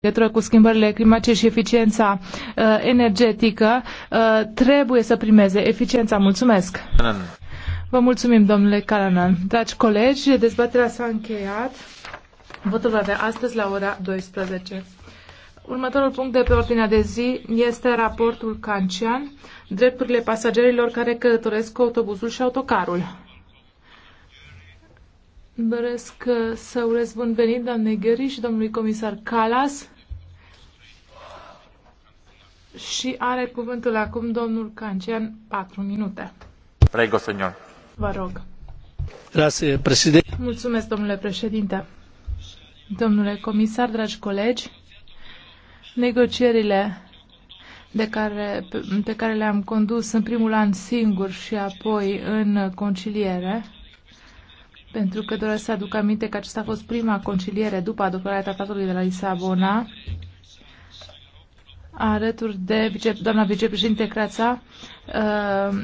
legătură cu schimbările climatice și eficiența uh, energetică uh, trebuie să primeze eficiența. Mulțumesc! Vă mulțumim, domnule Calanan. Dragi colegi, dezbaterea s-a încheiat. Votul va avea astăzi la ora 12. Următorul punct de pe ordinea de zi este raportul Cancian, drepturile pasagerilor care călătoresc cu autobuzul și autocarul doresc uh, să urez bun venit doamnei Gări și domnului comisar Calas. Și are cuvântul acum domnul Cancian, patru minute. Prego, senor. Vă rog. Grazie, președinte. Mulțumesc, domnule președinte. Domnule comisar, dragi colegi, negocierile de care, pe care le-am condus în primul an singur și apoi în conciliere pentru că doresc să aduc aminte că aceasta a fost prima conciliere după adoptarea tratatului de la Lisabona, alături de vice, doamna vicepreședinte Crața, uh,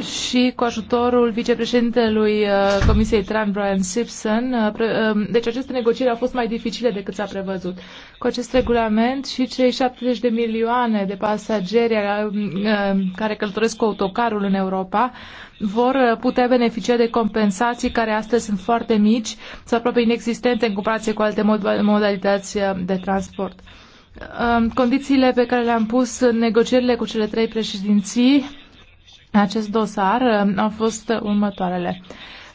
și cu ajutorul vicepreședintelui uh, Comisiei Tran, Brian Simpson. Uh, um, deci aceste negocieri au fost mai dificile decât s-a prevăzut. Cu acest regulament și cei 70 de milioane de pasageri uh, um, care călătoresc cu autocarul în Europa vor putea beneficia de compensații care astăzi sunt foarte mici sau aproape inexistente în comparație cu alte modalități de transport. Um, condițiile pe care le-am pus în negocierile cu cele trei președinții acest dosar uh, au fost următoarele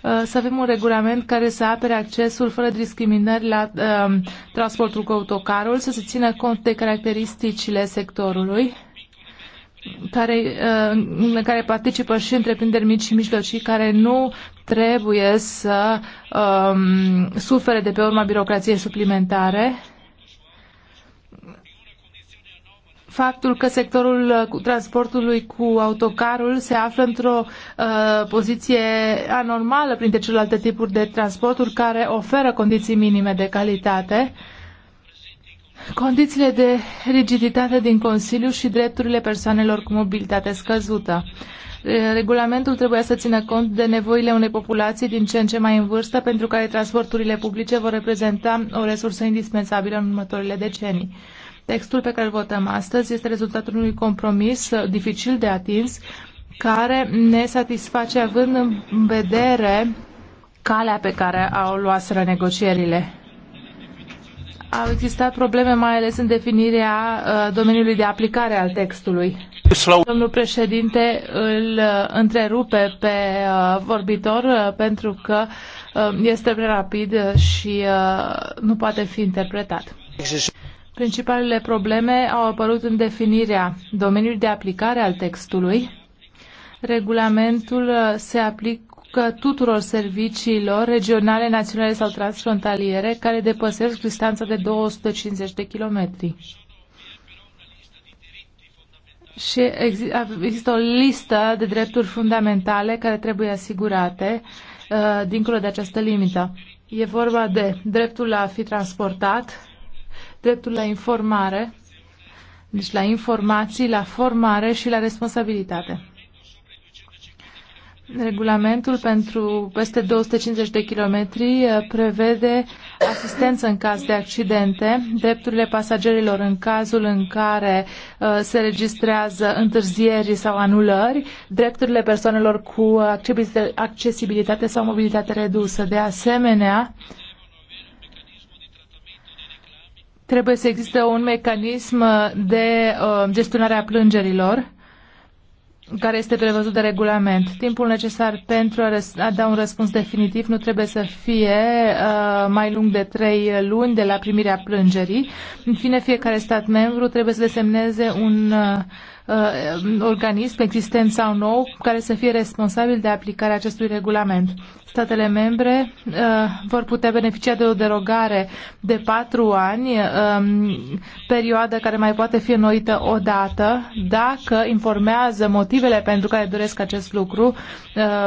uh, să avem un regulament care să apere accesul fără discriminări la uh, transportul cu autocarul, să se țină cont de caracteristicile sectorului care, uh, în care participă și întreprinderi mici și mijlocii care nu trebuie să um, uh, sufere de pe urma birocrației suplimentare faptul că sectorul uh, transportului cu autocarul se află într-o uh, poziție anormală printre celelalte tipuri de transporturi care oferă condiții minime de calitate. Condițiile de rigiditate din Consiliu și drepturile persoanelor cu mobilitate scăzută. Uh, regulamentul trebuia să țină cont de nevoile unei populații din ce în ce mai în vârstă, pentru care transporturile publice vor reprezenta o resursă indispensabilă în următoarele decenii. Textul pe care îl votăm astăzi este rezultatul unui compromis dificil de atins, care ne satisface având în vedere calea pe care au luat negocierile. Au existat probleme mai ales în definirea uh, domeniului de aplicare al textului. Domnul președinte îl uh, întrerupe pe uh, vorbitor pentru că este prea rapid și nu poate fi interpretat. Principalele probleme au apărut în definirea domeniului de aplicare al textului. Regulamentul uh, se aplică tuturor serviciilor regionale, naționale sau transfrontaliere care depăsesc distanța de 250 de kilometri. Și există o listă de drepturi fundamentale care trebuie asigurate uh, dincolo de această limită. E vorba de dreptul la a fi transportat, dreptul la informare, deci la informații, la formare și la responsabilitate. Regulamentul pentru peste 250 de kilometri uh, prevede asistență în caz de accidente, drepturile pasagerilor în cazul în care uh, se registrează întârzieri sau anulări, drepturile persoanelor cu accesibilitate sau mobilitate redusă. De asemenea, uh, Trebuie să existe un mecanism de uh, gestionare a plângerilor care este prevăzut de regulament. Timpul necesar pentru a, a da un răspuns definitiv nu trebuie să fie uh, mai lung de trei luni de la primirea plângerii. În fine, fiecare stat membru trebuie să desemneze un uh, uh, organism existent sau nou care să fie responsabil de aplicarea acestui regulament. Statele membre uh, vor putea beneficia de o derogare de patru ani, um, perioadă care mai poate fi înnoită o dată, dacă informează motivele pentru care doresc acest lucru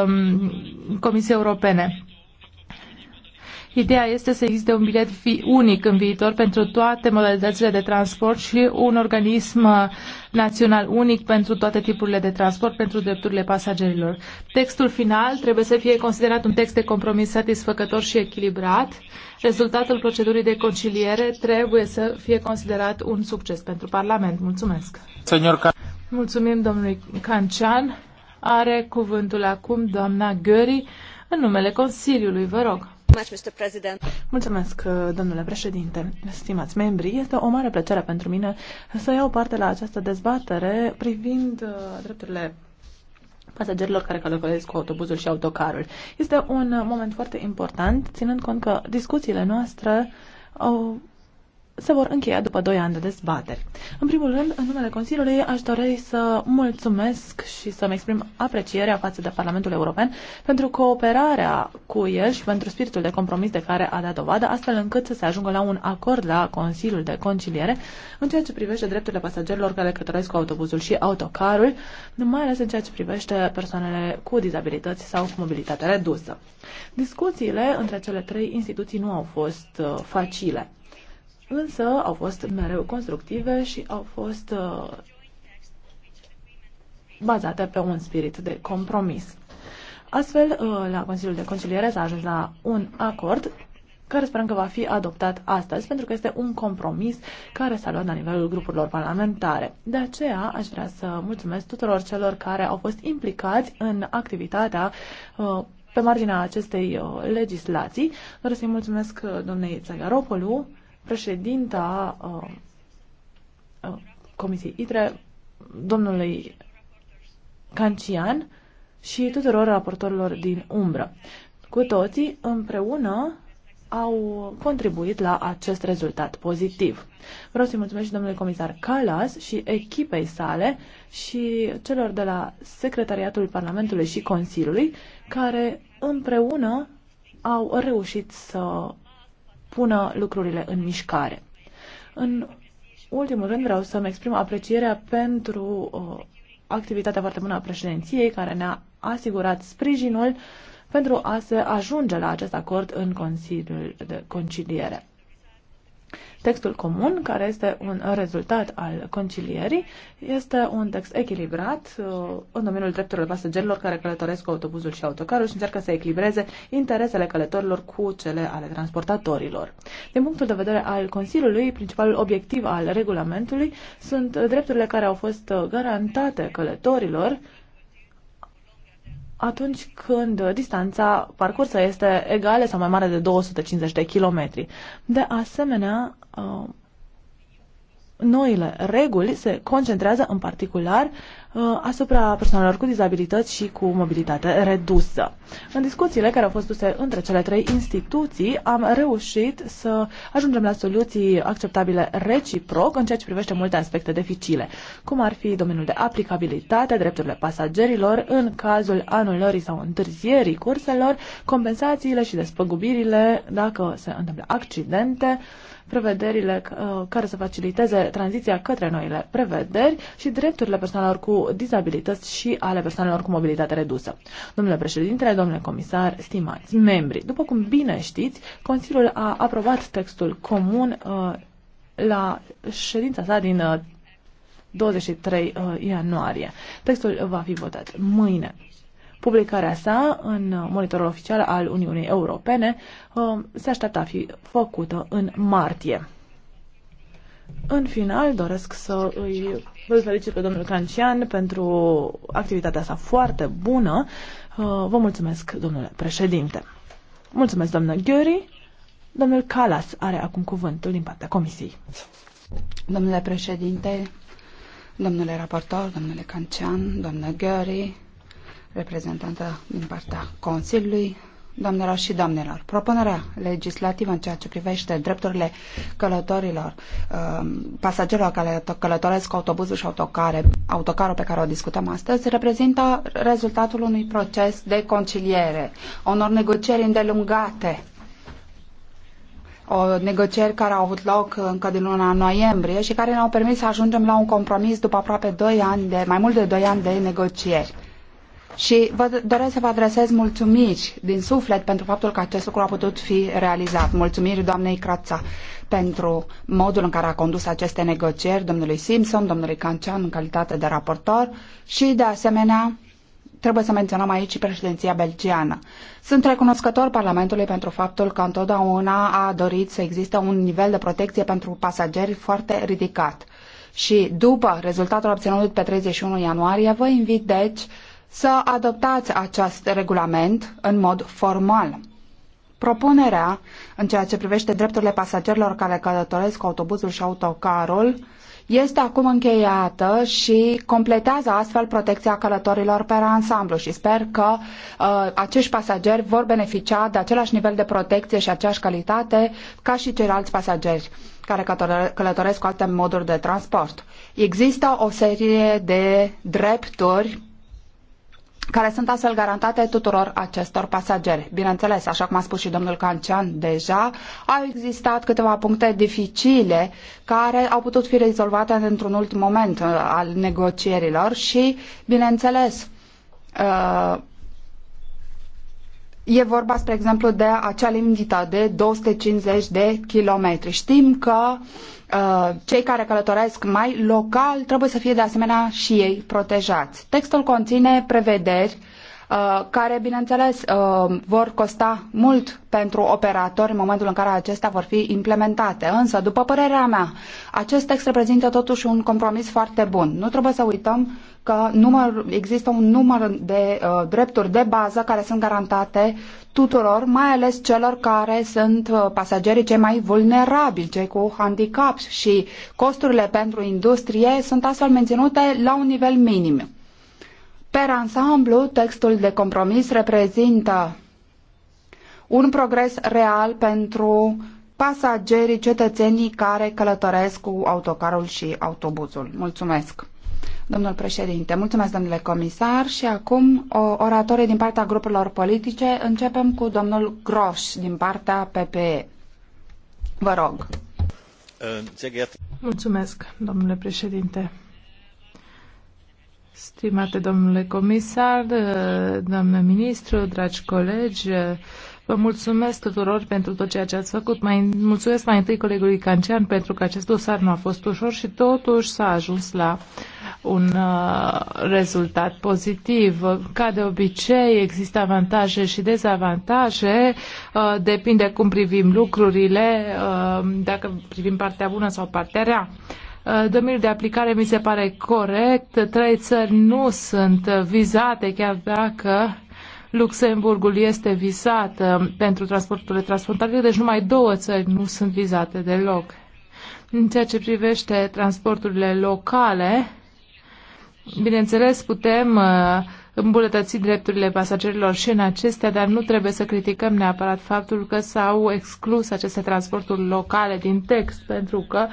um, Comisiei Europene. Ideea este să existe un bilet unic în viitor pentru toate modalitățile de transport și un organism uh, național unic pentru toate tipurile de transport, pentru drepturile pasagerilor. Textul final trebuie să fie considerat un text de compromis satisfăcător și echilibrat. Rezultatul procedurii de conciliere trebuie să fie considerat un succes pentru Parlament. Mulțumesc! Senior... Mulțumim domnului Cancian. Are cuvântul acum doamna Gări în numele Consiliului. Vă rog! Mulțumesc, uh, domnule președinte. Stimați membri, este o mare plăcere pentru mine să iau parte la această dezbatere privind uh, drepturile pasagerilor care călătoresc cu autobuzul și autocarul. Este un moment foarte important, ținând cont că discuțiile noastre au se vor încheia după 2 ani de dezbateri. În primul rând, în numele Consiliului, aș dori să mulțumesc și să-mi exprim aprecierea față de Parlamentul European pentru cooperarea cu el și pentru spiritul de compromis de care a dat dovadă, astfel încât să se ajungă la un acord la Consiliul de Conciliere în ceea ce privește drepturile pasagerilor care călătoresc cu autobuzul și autocarul, mai ales în ceea ce privește persoanele cu dizabilități sau cu mobilitate redusă. Discuțiile între cele trei instituții nu au fost uh, facile însă au fost mereu constructive și au fost uh, bazate pe un spirit de compromis. Astfel, uh, la Consiliul de Conciliere s-a ajuns la un acord care sperăm că va fi adoptat astăzi, pentru că este un compromis care s-a luat la nivelul grupurilor parlamentare. De aceea aș vrea să mulțumesc tuturor celor care au fost implicați în activitatea uh, pe marginea acestei legislații. Doresc să-i mulțumesc domnei Țagaropolu, președinta uh, uh, Comisiei ITRE, domnului Cancian și tuturor raportorilor din umbră. Cu toții, împreună, au contribuit la acest rezultat pozitiv. Vreau să-i mulțumesc și domnului comisar Calas și echipei sale și celor de la Secretariatul Parlamentului și Consiliului care împreună au reușit să pună lucrurile în mișcare. În ultimul rând vreau să-mi exprim aprecierea pentru uh, activitatea foarte bună a președinției care ne-a asigurat sprijinul pentru a se ajunge la acest acord în Consiliul de Conciliere. Textul comun, care este un rezultat al concilierii, este un text echilibrat uh, în domeniul drepturilor pasagerilor care călătoresc cu autobuzul și autocarul și încearcă să echilibreze interesele călătorilor cu cele ale transportatorilor. Din punctul de vedere al Consiliului, principalul obiectiv al regulamentului sunt drepturile care au fost uh, garantate călătorilor atunci când distanța parcursă este egală sau mai mare de 250 de kilometri. De asemenea, uh, noile reguli se concentrează în particular uh, asupra persoanelor cu dizabilități și cu mobilitate redusă. În discuțiile care au fost duse între cele trei instituții, am reușit să ajungem la soluții acceptabile reciproc în ceea ce privește multe aspecte dificile, cum ar fi domeniul de aplicabilitate, drepturile pasagerilor în cazul anulării sau întârzierii curselor, compensațiile și despăgubirile dacă se întâmplă accidente, prevederile uh, care să faciliteze tranziția către noile prevederi și drepturile persoanelor cu dizabilități și ale persoanelor cu mobilitate redusă. Domnule președinte, domnule comisar, stimați membri, după cum bine știți, Consiliul a aprobat textul comun uh, la ședința sa din 23 uh, ianuarie. Textul va fi votat mâine. Publicarea sa în monitorul oficial al Uniunii Europene um, se aștepta a fi făcută în martie. În final, doresc să îi vă felicit pe domnul Cancian pentru activitatea sa foarte bună. Uh, vă mulțumesc, domnule președinte. Mulțumesc, doamnă Gheori. Domnul Calas are acum cuvântul din partea comisiei. Domnule președinte, domnule raportor, domnule Cancian, doamnă Gheori, reprezentantă din partea Consiliului, Doamnelor și domnilor, propunerea legislativă în ceea ce privește drepturile călătorilor, um, pasagerilor care călătoresc autobuzul și autocare, autocarul pe care o discutăm astăzi, reprezintă rezultatul unui proces de conciliere, unor negocieri îndelungate, o negocieri care au avut loc încă din luna noiembrie și care ne-au permis să ajungem la un compromis după aproape 2 ani de, mai mult de 2 ani de negocieri și vă doresc să vă adresez mulțumiri din suflet pentru faptul că acest lucru a putut fi realizat. Mulțumiri doamnei Crața pentru modul în care a condus aceste negocieri, domnului Simpson, domnului Cancian în calitate de raportor și, de asemenea, trebuie să menționăm aici și președinția belgiană. Sunt recunoscător Parlamentului pentru faptul că întotdeauna a dorit să existe un nivel de protecție pentru pasageri foarte ridicat. Și după rezultatul obținut pe 31 ianuarie, vă invit deci să adoptați acest regulament în mod formal. Propunerea în ceea ce privește drepturile pasagerilor care călătoresc cu autobuzul și autocarul este acum încheiată și completează astfel protecția călătorilor pe ansamblu și sper că uh, acești pasageri vor beneficia de același nivel de protecție și aceeași calitate ca și ceilalți pasageri care călătoresc cu alte moduri de transport. Există o serie de drepturi care sunt astfel garantate tuturor acestor pasageri. Bineînțeles, așa cum a spus și domnul Cancian deja, au existat câteva puncte dificile care au putut fi rezolvate într-un ultim moment uh, al negocierilor și, bineînțeles, uh, E vorba, spre exemplu, de acea limită de 250 de kilometri. Știm că uh, cei care călătoresc mai local trebuie să fie de asemenea și ei protejați. Textul conține prevederi uh, Uh, care, bineînțeles, uh, vor costa mult pentru operatori în momentul în care acestea vor fi implementate. Însă, după părerea mea, acest text reprezintă totuși un compromis foarte bun. Nu trebuie să uităm că număr, există un număr de uh, drepturi de bază care sunt garantate tuturor, mai ales celor care sunt uh, pasagerii cei mai vulnerabili, cei cu handicap și costurile pentru industrie sunt astfel menținute la un nivel minim. Per ansamblu, textul de compromis reprezintă un progres real pentru pasagerii, cetățenii care călătoresc cu autocarul și autobuzul. Mulțumesc! Domnul președinte, mulțumesc domnule comisar și acum o, oratorii din partea grupurilor politice. Începem cu domnul Groș din partea PPE. Vă rog. Mulțumesc, domnule președinte. Stimate domnule comisar, doamnă ministru, dragi colegi, vă mulțumesc tuturor pentru tot ceea ce ați făcut. Mai, mulțumesc mai întâi colegului Cancean pentru că acest dosar nu a fost ușor și totuși s-a ajuns la un uh, rezultat pozitiv. Ca de obicei, există avantaje și dezavantaje, uh, depinde cum privim lucrurile, uh, dacă privim partea bună sau partea rea. Uh, Uh, Domeniul de aplicare mi se pare corect. Trei țări nu sunt vizate, chiar dacă Luxemburgul este vizat uh, pentru transporturile transfrontaliere, deci numai două țări nu sunt vizate deloc. În ceea ce privește transporturile locale, bineînțeles, putem uh, îmbunătăți drepturile pasagerilor și în acestea, dar nu trebuie să criticăm neapărat faptul că s-au exclus aceste transporturi locale din text, pentru că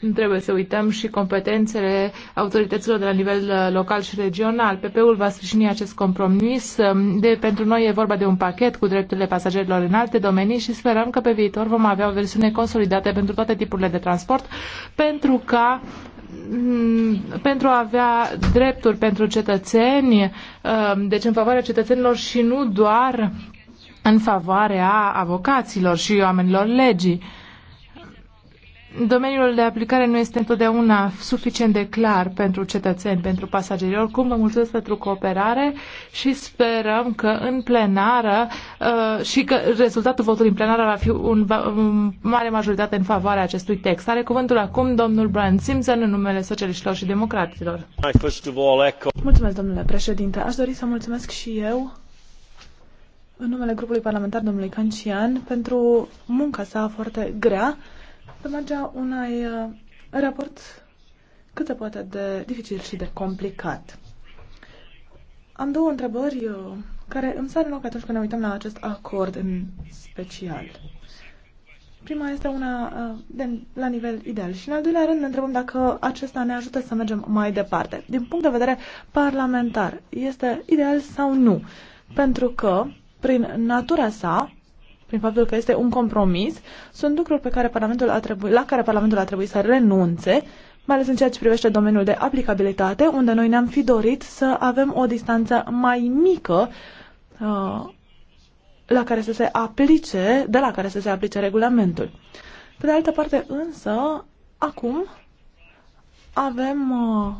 nu trebuie să uităm și competențele autorităților de la nivel uh, local și regional. PP-ul va sprijini acest compromis. Um, de, pentru noi e vorba de un pachet cu drepturile pasagerilor în alte domenii și sperăm că pe viitor vom avea o versiune consolidată pentru toate tipurile de transport, pentru ca Mm, pentru a avea drepturi pentru cetățeni, um, deci în favoarea cetățenilor și nu doar în favoarea avocaților și oamenilor legii domeniul de aplicare nu este întotdeauna suficient de clar pentru cetățeni, pentru pasageri. Oricum, vă mulțumesc pentru cooperare și sperăm că în plenară uh, și că rezultatul votului în plenară va fi un, un um, mare majoritate în favoarea acestui text. Are cuvântul acum domnul Brian Simpson în numele socialiștilor și democraților. Mulțumesc, domnule președinte. Aș dori să mulțumesc și eu în numele grupului parlamentar domnului Cancian pentru munca sa foarte grea pe marginea unui uh, raport cât se poate de dificil și de complicat. Am două întrebări uh, care îmi sar în loc atunci când ne uităm la acest acord în special. Prima este una uh, de, la nivel ideal și în al doilea rând ne întrebăm dacă acesta ne ajută să mergem mai departe. Din punct de vedere parlamentar, este ideal sau nu? Pentru că, prin natura sa, prin faptul că este un compromis, sunt lucruri pe care Parlamentul a trebui, la care Parlamentul a trebuit să renunțe, mai ales în ceea ce privește domeniul de aplicabilitate, unde noi ne-am fi dorit să avem o distanță mai mică uh, la care să se aplice, de la care să se aplice regulamentul. Pe de altă parte, însă, acum avem uh,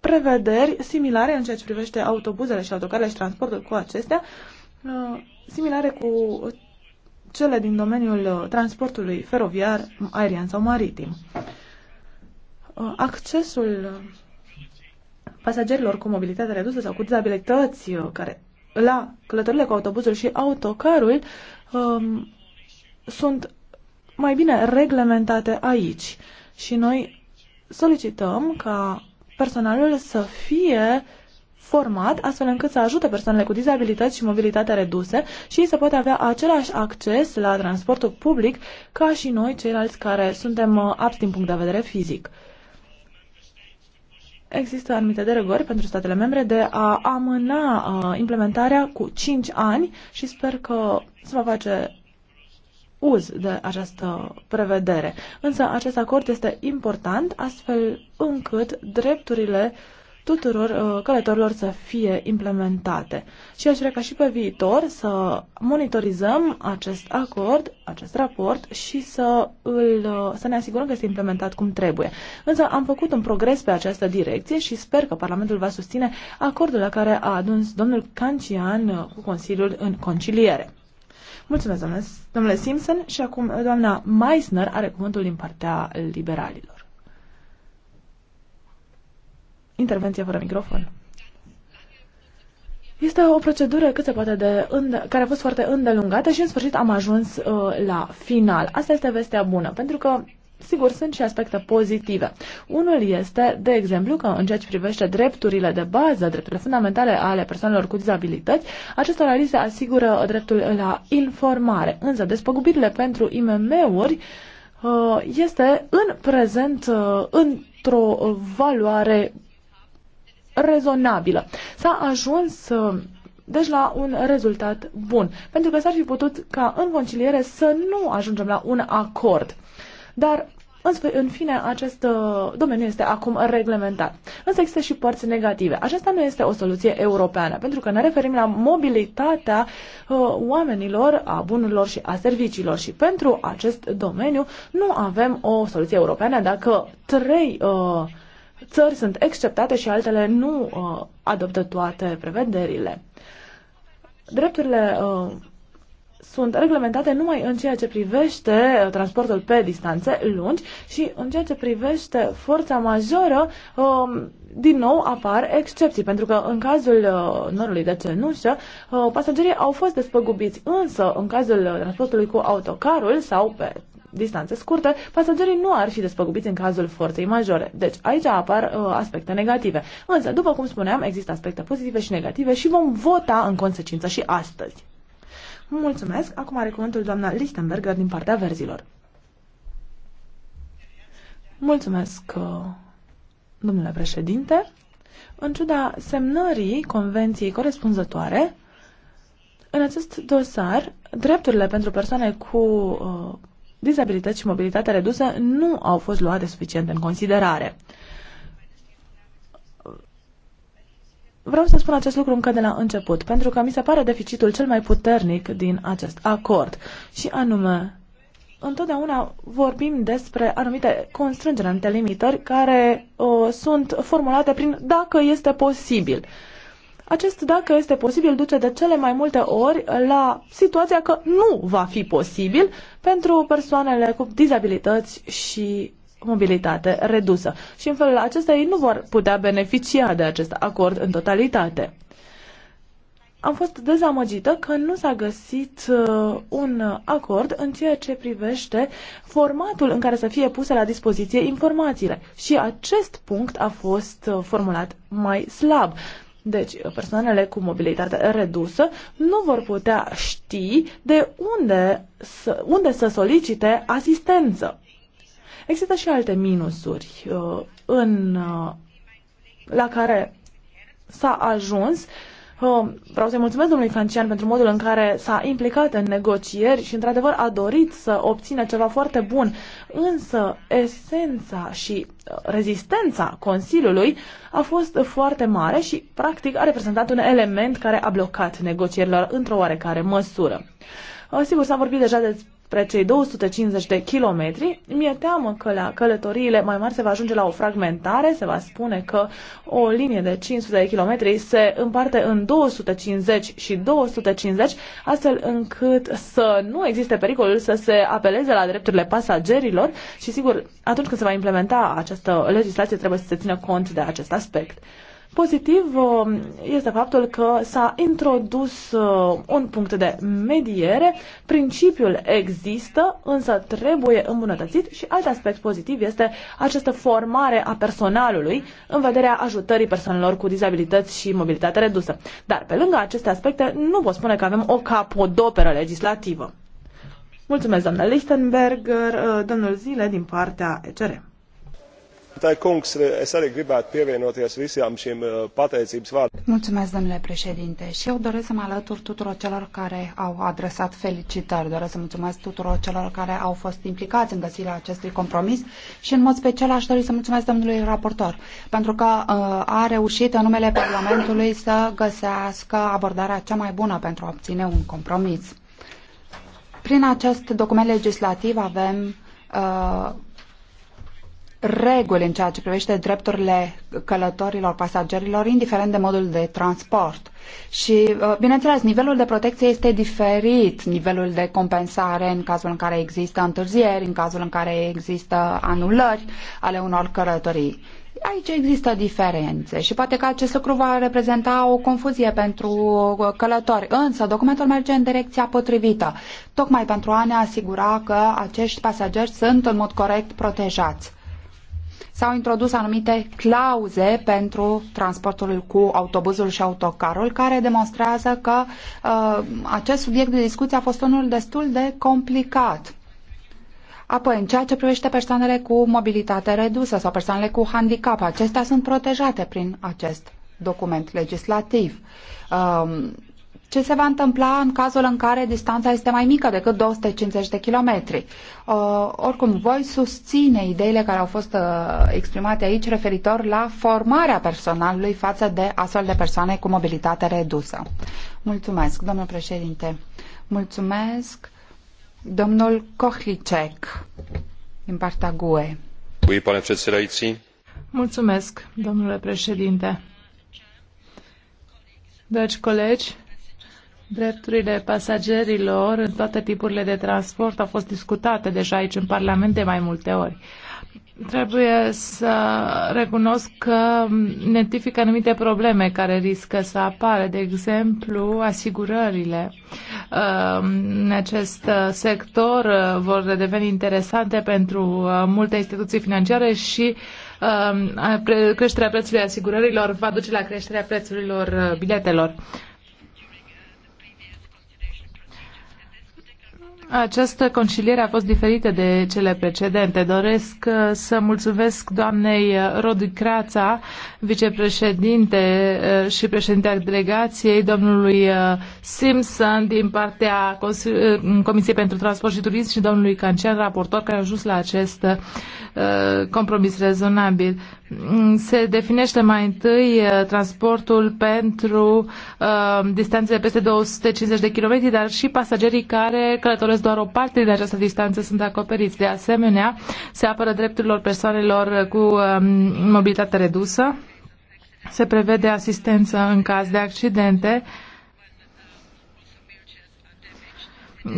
prevederi similare în ceea ce privește autobuzele și autocarele și transportul cu acestea, uh, similare cu cele din domeniul uh, transportului feroviar, aerian sau maritim. Uh, accesul uh, pasagerilor cu mobilitate redusă sau cu dizabilități care la călătorile cu autobuzul și autocarul um, sunt mai bine reglementate aici. Și noi solicităm ca personalul să fie uh, format astfel încât să ajute persoanele cu dizabilități și mobilitate reduse și să poată avea același acces la transportul public ca și noi ceilalți care suntem uh, apți din punct de vedere fizic. Există anumite derogări pentru statele membre de a amâna uh, implementarea cu 5 ani și sper că se va face uz de această prevedere. Însă acest acord este important astfel încât drepturile uh, tuturor uh, călătorilor să fie implementate. Și aș vrea ca și pe viitor să monitorizăm acest acord, acest raport și să, îl, uh, să ne asigurăm că este implementat cum trebuie. Însă am făcut un progres pe această direcție și sper că Parlamentul va susține acordul la care a adus domnul Cancian uh, cu Consiliul în conciliere. Mulțumesc, domnule, domnule Simpson. Și acum doamna Meisner are cuvântul din partea liberalilor. Intervenție fără microfon. Este o procedură cât se poate de care a fost foarte îndelungată și în sfârșit am ajuns uh, la final. Asta este vestea bună, pentru că Sigur, sunt și aspecte pozitive. Unul este, de exemplu, că în ceea ce privește drepturile de bază, drepturile fundamentale ale persoanelor cu dizabilități, acesta li se asigură dreptul la informare. Însă, despăgubirile pentru IMM-uri uh, este în prezent uh, într-o valoare rezonabilă. S-a ajuns ă, deci la un rezultat bun, pentru că s-ar fi putut ca în conciliere să nu ajungem la un acord. Dar în fine, acest ă, domeniu este acum reglementat. Însă există și părți negative. Aceasta nu este o soluție europeană, pentru că ne referim la mobilitatea uh, oamenilor, a bunurilor și a serviciilor. Și pentru acest domeniu nu avem o soluție europeană dacă trei uh, țări sunt exceptate și altele nu uh, adoptă toate prevederile. Drepturile uh, sunt reglementate numai în ceea ce privește uh, transportul pe distanțe lungi și în ceea ce privește forța majoră, um, din nou apar excepții, pentru că în cazul uh, norului de cenușă, uh, pasagerii au fost despăgubiți, însă în cazul transportului cu autocarul sau pe distanțe scurte, pasagerii nu ar fi despăgubiți în cazul forței majore. Deci aici apar uh, aspecte negative. Însă, după cum spuneam, există aspecte pozitive și negative și vom vota în consecință și astăzi. Mulțumesc. Acum are cuvântul doamna Lichtenberger din partea verzilor. Mulțumesc, uh, domnule președinte. În ciuda semnării convenției corespunzătoare, în acest dosar, drepturile pentru persoane cu uh, dizabilități și mobilitate redusă nu au fost luate suficient în considerare. Vreau să spun acest lucru încă de la început, pentru că mi se pare deficitul cel mai puternic din acest acord, și anume, întotdeauna vorbim despre anumite constrângeri, anumite limitări care uh, sunt formulate prin dacă este posibil. Uh, acest dacă este posibil duce de cele mai multe ori la situația că nu va fi posibil pentru persoanele cu dizabilități și mobilitate redusă. Și în felul acesta ei nu vor putea beneficia de acest acord în totalitate. Am fost dezamăgită că nu s-a găsit uh, un acord în ceea ce privește formatul în care să fie puse la dispoziție informațiile. Și acest punct a fost uh, formulat mai slab. Deci, persoanele cu mobilitate redusă nu vor putea ști de unde să, unde să solicite asistență. Există și alte minusuri uh, în, uh, la care s-a ajuns uh, Vreau să-i mulțumesc domnului Francian pentru modul în care s-a implicat în negocieri și, într-adevăr, a dorit să obțină ceva foarte bun. Însă, esența și uh, rezistența Consiliului a fost foarte mare și, practic, a reprezentat un element care a blocat negocierile într-o oarecare măsură. Uh, sigur, s-a vorbit deja de spre cei 250 de kilometri, mi-e teamă că la călătoriile mai mari se va ajunge la o fragmentare, se va spune că o linie de 500 de kilometri se împarte în 250 și 250, astfel încât să nu existe pericolul să se apeleze la drepturile pasagerilor și, sigur, atunci când se va implementa această legislație, trebuie să se țină cont de acest aspect. Pozitiv um, este faptul că s-a introdus uh, un punct de mediere, principiul există, însă trebuie îmbunătățit și alt aspect pozitiv este această formare a personalului în vederea ajutării persoanelor cu dizabilități și mobilitate redusă. Dar pe lângă aceste aspecte nu pot spune că avem o capodoperă legislativă. Mulțumesc, doamna Lichtenberger, uh, domnul Zile din partea ECR kungs, es arī gribētu pievienoties visiem šiem pateicības vārdiem. Mulțumesc, domnule președinte, și eu doresc să mă alătur tuturor celor care au adresat felicitări. Doresc să mulțumesc tuturor celor care au fost implicați în găsirea acestui compromis și, în mod special, aș dori să mulțumesc domnului raportor, pentru că uh, a reușit în numele Parlamentului să găsească abordarea cea mai bună pentru a obține un compromis. Prin acest document legislativ avem uh, reguli în ceea ce privește drepturile călătorilor, pasagerilor, indiferent de modul de transport. Și, uh, bineînțeles, nivelul de protecție este diferit, nivelul de compensare în cazul în care există întârzieri, în cazul în care există anulări ale unor călătorii. Aici există diferențe și poate că acest lucru va reprezenta o confuzie pentru uh, călători, însă documentul merge în direcția potrivită, tocmai pentru a ne asigura că acești pasageri sunt în mod corect protejați s-au introdus anumite clauze pentru transportul cu autobuzul și autocarul, care demonstrează că uh, acest subiect de discuție a fost unul destul de complicat. Apoi, în ceea ce privește persoanele cu mobilitate redusă sau persoanele cu handicap, acestea sunt protejate prin acest document legislativ. Um, ce se va întâmpla în cazul în care distanța este mai mică decât 250 de kilometri. Uh, oricum, voi susține ideile care au fost uh, exprimate aici referitor la formarea personalului față de astfel de persoane cu mobilitate redusă. Mulțumesc, domnul președinte. Mulțumesc, domnul Kohlicek, din partea GUE. Mulțumesc, domnule președinte. Dragi colegi, Drepturile pasagerilor în toate tipurile de transport au fost discutate deja aici în Parlament de mai multe ori. Trebuie să recunosc că identifică anumite probleme care riscă să apară, de exemplu, asigurările. În acest sector vor deveni interesante pentru uh, multe instituții financiare și uh, creșterea prețului asigurărilor va duce la creșterea prețurilor uh, biletelor. Această conciliere a fost diferită de cele precedente. Doresc uh, să mulțumesc doamnei uh, Rodi Crața, vicepreședinte uh, și președinte al delegației, domnului Simpson din partea Comisiei pentru Transport și Turism și domnului Cancian, raportor, care a ajuns la acest compromis rezonabil. Mm, se definește mai întâi transportul pentru distanțele peste 250 de kilometri, dar și pasagerii care călătoresc doresc doar o parte din această distanță sunt acoperiți. De asemenea, se apără drepturilor persoanelor cu um, mobilitate redusă, se prevede asistență în caz de accidente,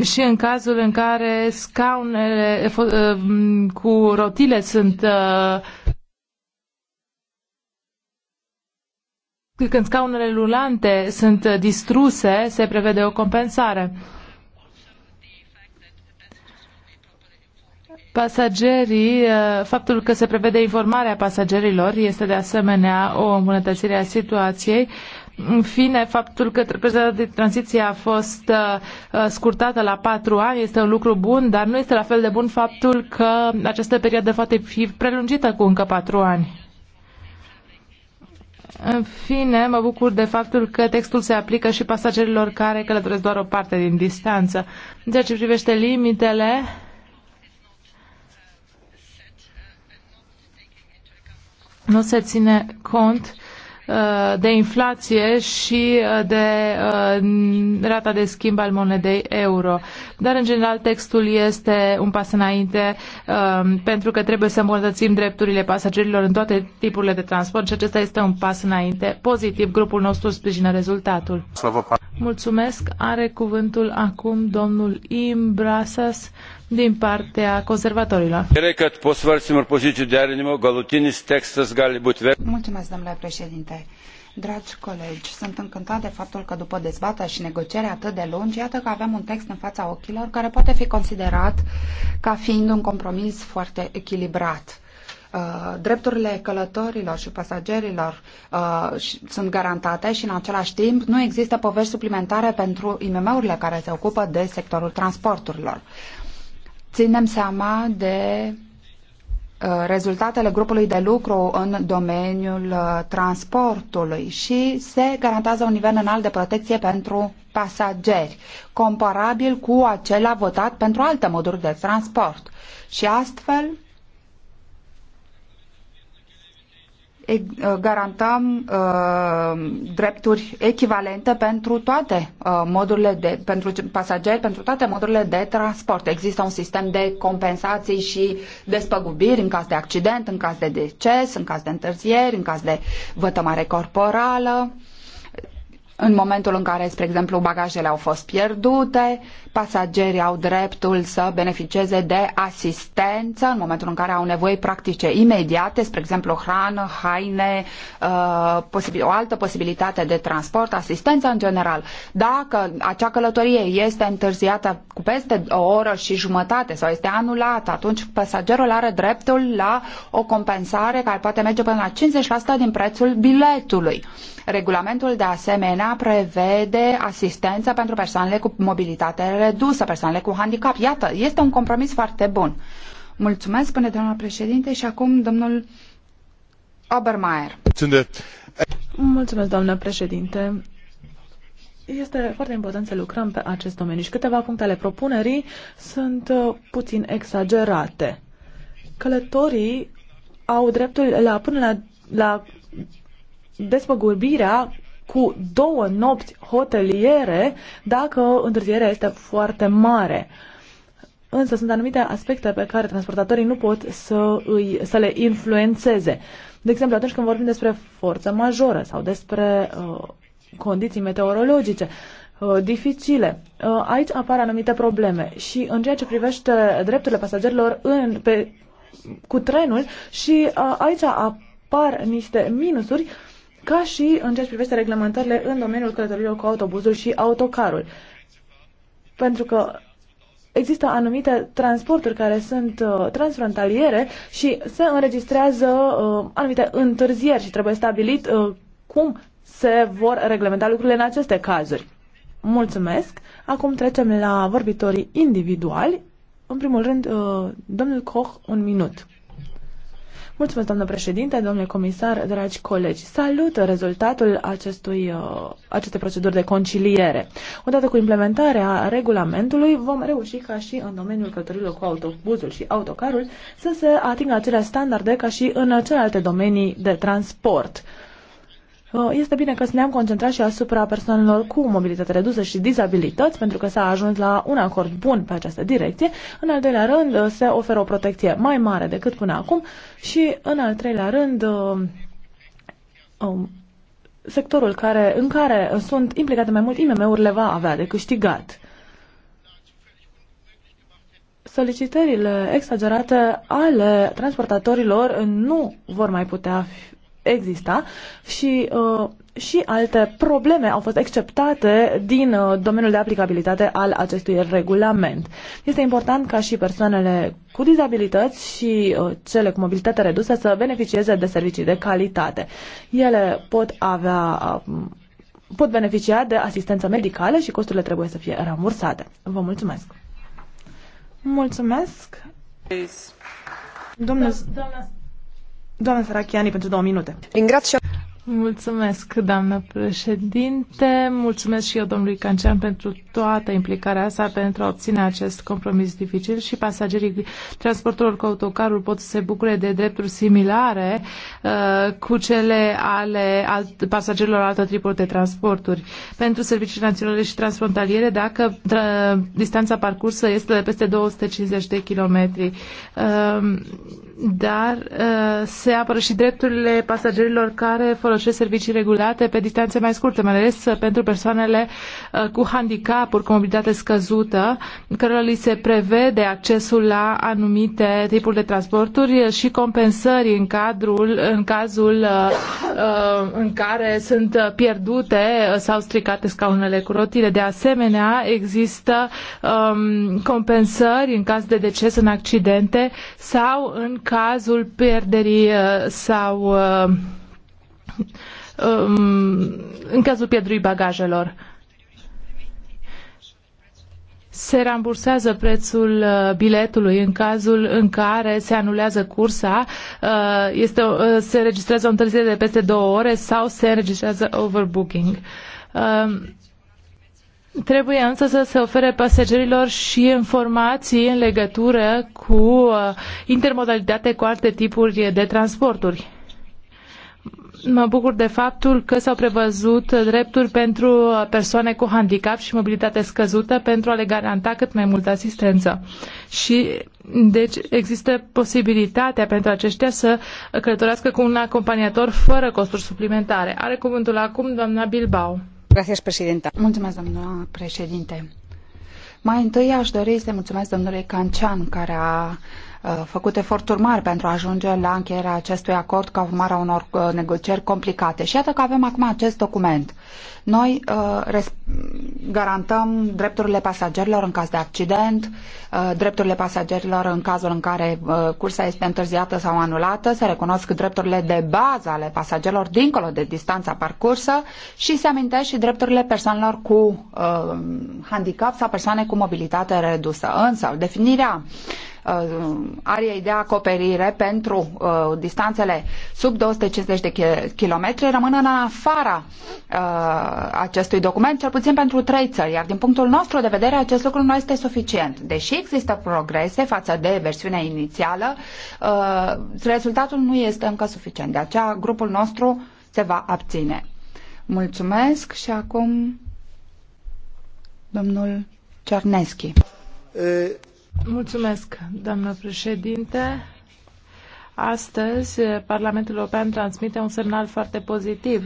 și în cazul în care scaunele eh, eh, cu rotile sunt eh, când scaunele rulante sunt distruse, se prevede o compensare. Pasagerii, uh, faptul că se prevede informarea pasagerilor este de asemenea o îmbunătățire a situației. În fine, faptul că perioada de tranziție a fost uh, scurtată la patru ani este un lucru bun, dar nu este la fel de bun faptul că această perioadă poate fi prelungită cu încă patru ani. În fine, mă bucur de faptul că textul se aplică și pasagerilor care călătoresc doar o parte din distanță. În ceea ce privește limitele, nu se ține cont uh, de inflație și uh, de uh, rata de schimb al monedei euro. Dar, în general, textul este un pas înainte um, pentru că trebuie să îmbunătățim drepturile pasagerilor în toate tipurile de transport și acesta este un pas înainte pozitiv. Grupul nostru sprijină rezultatul. Mulțumesc. Are cuvântul acum domnul Imbrasas din partea conservatorilor. Mulțumesc, domnule președinte. Dragi colegi, sunt încântat de faptul că după dezbatere și negociere atât de lungi, iată că avem un text în fața ochilor care poate fi considerat ca fiind un compromis foarte echilibrat uh, drepturile călătorilor și pasagerilor uh, sunt garantate și în același timp nu există povești suplimentare pentru IMM-urile care se ocupă de sectorul transporturilor ținem seama de uh, rezultatele grupului de lucru în domeniul uh, transportului și se garantează un nivel înalt de protecție pentru pasageri, comparabil cu acela votat pentru alte moduri de transport. Și astfel, Uh, garantăm uh, drepturi echivalente pentru toate uh, modurile de, pentru pasageri, pentru toate modurile de transport. Există un sistem de compensații și despăgubiri în caz de accident, în caz de deces, în caz de întârzieri, în caz de vătămare corporală. Uh, în momentul în care, spre exemplu, bagajele au fost pierdute, pasagerii au dreptul să beneficieze de asistență în momentul în care au nevoi practice imediate, spre exemplu, hrană, haine, uh, o altă posibilitate de transport, asistență în general. Dacă acea călătorie este întârziată cu peste o oră și jumătate sau este anulată, atunci pasagerul are dreptul la o compensare care poate merge până la 50% din prețul biletului. Regulamentul de asemenea asemenea, prevede asistență pentru persoanele cu mobilitate redusă, persoanele cu handicap. Iată, este un compromis foarte bun. Mulțumesc, spune doamna președinte, și acum domnul Obermeier. Mulțumesc, doamna președinte. Este foarte important să lucrăm pe acest domeniu și câteva puncte ale propunerii sunt uh, puțin exagerate. Călătorii au dreptul la până la, la despăgurbirea cu două nopți hoteliere dacă întârzierea este foarte mare. Însă sunt anumite aspecte pe care transportatorii nu pot să, îi, să le influențeze. De exemplu, atunci când vorbim despre forță majoră sau despre uh, condiții meteorologice uh, dificile, uh, aici apar anumite probleme și în ceea ce privește drepturile pasagerilor în, pe, cu trenul și uh, aici apar niște minusuri uh, ca și în ceea ce privește reglementările în domeniul călătorilor cu autobuzul și autocarul. Pentru că există anumite transporturi care sunt uh, transfrontaliere și se înregistrează uh, anumite întârzieri și trebuie stabilit uh, cum se vor reglementa lucrurile în aceste cazuri. Mulțumesc! Acum trecem la vorbitorii individuali. În primul rând, uh, domnul Koch, un minut. Mulțumesc, doamnă președinte, domnule comisar, dragi colegi. Salut rezultatul acestui, uh, acestei proceduri de conciliere. Odată cu implementarea regulamentului, vom reuși ca și în domeniul călătorilor cu autobuzul și autocarul să se atingă aceleași standarde ca și în celelalte domenii de transport. Uh, este bine că ne-am concentrat și asupra persoanelor cu mobilitate redusă și dizabilități, pentru că s-a ajuns la un acord bun pe această direcție. În al doilea rând, uh, se oferă o protecție mai mare decât până acum și, în al treilea rând, uh, um, sectorul care, în care sunt implicate mai mult IMM-urile va avea de câștigat solicitările exagerate ale transportatorilor nu vor mai putea exista și, uh, și alte probleme au fost exceptate din uh, domeniul de aplicabilitate al acestui regulament. Este important ca și persoanele cu dizabilități și uh, cele cu mobilitate redusă să beneficieze de servicii de calitate. Ele pot avea um, pot beneficia de asistență medicală și costurile trebuie să fie rambursate. Vă mulțumesc! Mulțumesc! Domnul... Domnul... Doamna Sarachiani, pentru două minute. Ringrazio. Mulțumesc, doamnă președinte. Mulțumesc și eu domnului Cancean pentru toată implicarea sa pentru a obține acest compromis dificil și pasagerii transporturilor cu autocarul pot să se bucure de drepturi similare uh, cu cele ale alt, pasagerilor altor tipuri de transporturi. Pentru servicii naționale și transfrontaliere, dacă distanța parcursă este de peste 250 de kilometri, uh, dar uh, se apără și drepturile pasagerilor care folosesc și servicii regulate pe distanțe mai scurte, mai ales uh, pentru persoanele uh, cu handicapuri, cu mobilitate scăzută, cărora li se prevede accesul la anumite tipuri de transporturi și compensări în, cadrul, în cazul uh, în care sunt pierdute sau stricate scaunele cu rotile. De asemenea, există um, compensări în caz de deces în accidente sau în cazul pierderii sau uh, în cazul pierderii bagajelor. Se rambursează prețul uh, biletului în cazul în care se anulează cursa, uh, este, uh, se registrează o întârziere de peste două ore sau se registrează overbooking. Um, trebuie însă să se ofere pasagerilor și informații în legătură cu intermodalitate cu alte tipuri de transporturi. Mă bucur de faptul că s-au prevăzut drepturi pentru persoane cu handicap și mobilitate scăzută pentru a le garanta cât mai multă asistență. Și deci există posibilitatea pentru aceștia să călătorească cu un acompaniator fără costuri suplimentare. Are cuvântul acum doamna Bilbao. Gracias, presidenta. Mulțumesc, doamna președinte. Mai întâi aș dori să mulțumesc domnului Cancian, care a Uh, făcut eforturi mari pentru a ajunge la încheierea acestui acord ca urmare a unor uh, negocieri complicate. Și iată că avem acum acest document. Noi uh, garantăm drepturile pasagerilor în caz de accident, uh, drepturile pasagerilor în cazul în care uh, cursa este întârziată sau anulată, se recunosc drepturile de bază ale pasagerilor dincolo de distanța parcursă și se amintește și drepturile persoanelor cu uh, handicap sau persoane cu mobilitate redusă. Însă, definirea Uh, ariei de acoperire pentru uh, distanțele sub 250 de km rămână în afara uh, acestui document, cel puțin pentru trei țări, iar din punctul nostru de vedere acest lucru nu este suficient. Deși există progrese față de versiunea inițială, rezultatul nu este încă suficient. De aceea grupul nostru se va abține. Mulțumesc și acum domnul Cerneschi. Mulțumesc, doamnă președinte. Astăzi, Parlamentul European transmite un semnal foarte pozitiv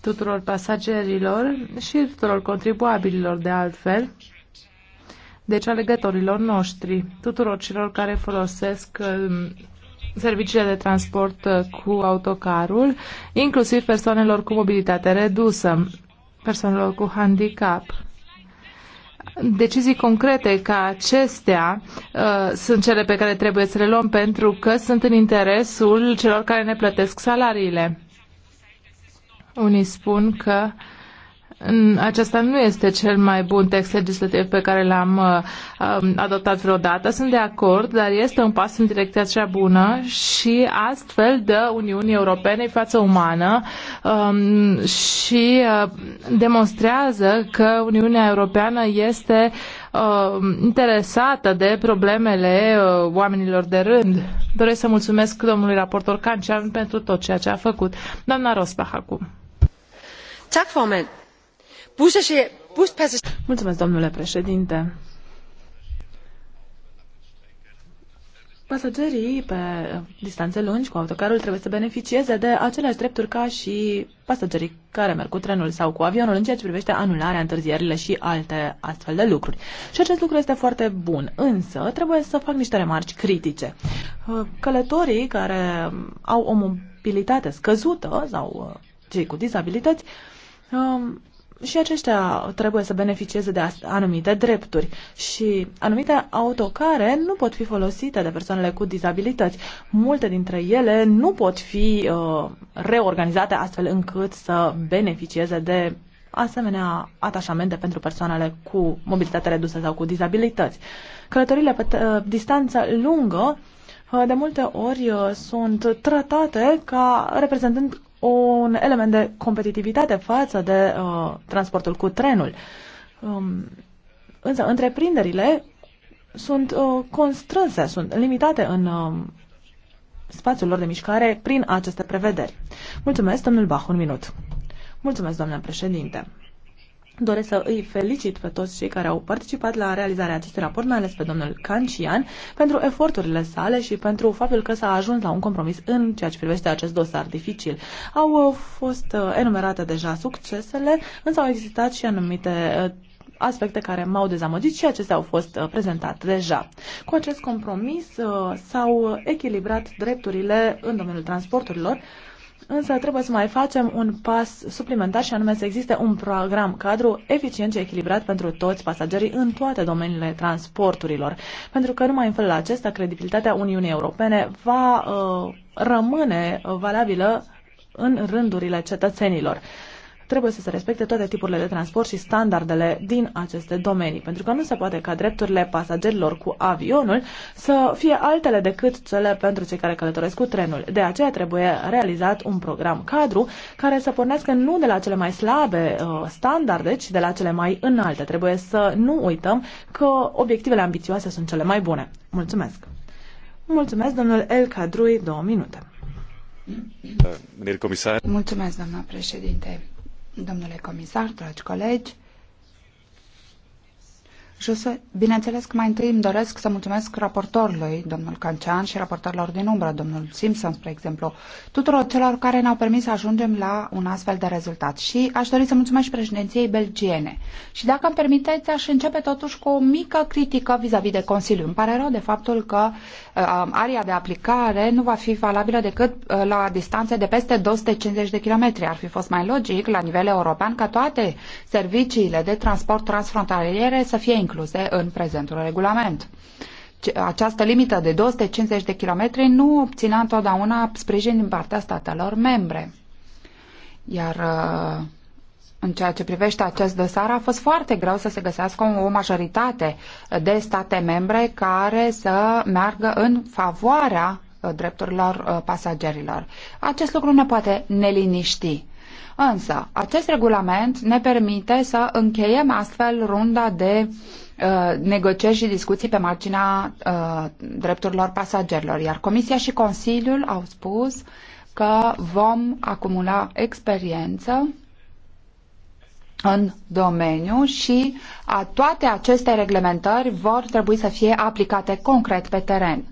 tuturor pasagerilor și tuturor contribuabililor de altfel, deci alegătorilor noștri, tuturor celor care folosesc um, serviciile de transport uh, cu autocarul, inclusiv persoanelor cu mobilitate redusă, persoanelor cu handicap decizii concrete ca acestea uh, sunt cele pe care trebuie să le luăm pentru că sunt în interesul celor care ne plătesc salariile. Unii spun că uh, acesta nu este cel mai bun text legislativ pe care l-am uh, adoptat vreodată. Sunt de acord, dar este un pas în direcția cea bună și astfel dă Uniunii Europene față umană um, și uh, demonstrează că Uniunea Europeană este uh, interesată de problemele oamenilor de rând. Doresc să mulțumesc domnului raportor Cancian pentru tot ceea ce a făcut. Doamna Rosbach acum. Tak, Mulțumesc, domnule președinte. Pasagerii pe distanțe lungi cu autocarul trebuie să beneficieze de aceleași drepturi ca și pasagerii care merg cu trenul sau cu avionul în ceea ce privește anularea, întârzierile și alte astfel de lucruri. Și acest lucru este foarte bun, însă trebuie să fac niște remarci critice. Călătorii care au o mobilitate scăzută sau uh, cei cu dizabilități um, și aceștia trebuie să beneficieze de anumite drepturi și anumite autocare nu pot fi folosite de persoanele cu dizabilități. Multe dintre ele nu pot fi uh, reorganizate astfel încât să beneficieze de asemenea atașamente pentru persoanele cu mobilitate redusă sau cu dizabilități. Călătorile pe uh, distanță lungă uh, de multe ori uh, sunt tratate ca reprezentând un element de competitivitate față de uh, transportul cu trenul. Um, însă, întreprinderile sunt uh, constrânse, sunt limitate în uh, spațiul lor de mișcare prin aceste prevederi. Mulțumesc, domnul Bach, un minut. Mulțumesc, doamna președinte. Doresc să îi felicit pe toți cei care au participat la realizarea acestui raport, mai ales pe domnul Cancian, pentru eforturile sale și pentru faptul că s-a ajuns la un compromis în ceea ce privește acest dosar dificil. Au uh, fost uh, enumerate deja succesele, însă au existat și anumite uh, aspecte care m-au dezamăgit și acestea au fost prezentate deja. Cu acest compromis s-au echilibrat drepturile în domeniul transporturilor, însă trebuie să mai facem un pas suplimentar și anume să existe un program cadru eficient și echilibrat pentru toți pasagerii în toate domeniile transporturilor. Pentru că numai în felul acesta credibilitatea Uniunii Europene va uh, rămâne uh, valabilă în rândurile cetățenilor trebuie să se respecte toate tipurile de transport și standardele din aceste domenii, pentru că nu se poate ca drepturile pasagerilor cu avionul să fie altele decât cele pentru cei care călătoresc cu trenul. De aceea trebuie realizat un program cadru care să pornească nu de la cele mai slabe uh, standarde, ci de la cele mai înalte. Trebuie să nu uităm că obiectivele ambițioase sunt cele mai bune. Mulțumesc! Mulțumesc, domnul El Cadrui, două minute. Mulțumesc, doamna președinte. Domnule comisar, dragi colegi, și o să, bineînțeles că mai întâi îmi doresc să mulțumesc raportorului, domnul Cancean, și raportorilor din umbră, domnul Simpson, spre exemplu, tuturor celor care ne-au permis să ajungem la un astfel de rezultat. Și aș dori să mulțumesc și președinției belgiene. Și dacă îmi permiteți, aș începe totuși cu o mică critică vis-a-vis -vis de Consiliu. Îmi pare rău de faptul că uh, aria de aplicare nu va fi valabilă decât uh, la distanțe de peste 250 de kilometri. Ar fi fost mai logic, la nivel european, ca toate serviciile de transport transfrontaliere să fie incluse în prezentul regulament. Această limită de 250 de km nu obținea întotdeauna sprijin din partea statelor membre. Iar uh, în ceea ce privește acest dosar, a fost foarte greu să se găsească o majoritate de state membre care să meargă în favoarea uh, drepturilor uh, pasagerilor. Acest lucru ne poate neliniști. Însă, acest regulament ne permite să încheiem astfel runda de uh, negocieri și discuții pe marginea uh, drepturilor pasagerilor. Iar Comisia și Consiliul au spus că vom acumula experiență în domeniu și a, uh, toate aceste reglementări vor trebui să fie aplicate concret pe teren.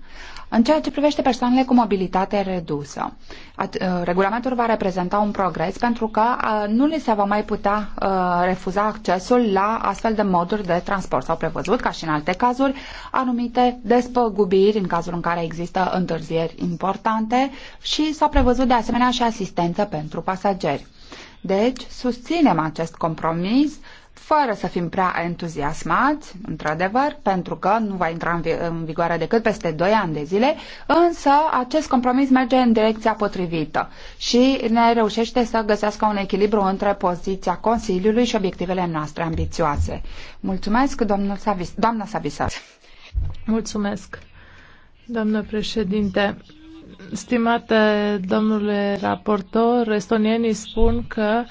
În ceea ce privește persoanele cu mobilitate redusă, uh, regulamentul va reprezenta un progres pentru că uh, nu li se va mai putea uh, refuza accesul la astfel de moduri de transport. S-au prevăzut, ca și în alte cazuri, anumite despăgubiri în cazul în care există întârzieri importante și s au prevăzut de asemenea și asistență pentru pasageri. Deci, susținem acest compromis uh, fără să fim prea entuziasmați, într-adevăr, pentru că nu va intra în, vi- în vigoare decât peste 2 ani de zile, însă acest compromis merge în direcția potrivită și ne reușește să găsească un echilibru între poziția Consiliului și obiectivele noastre ambițioase. Mulțumesc, domnul Savis- doamna Savisar. Mulțumesc, doamnă președinte. Stimate domnule raportor, estonienii spun că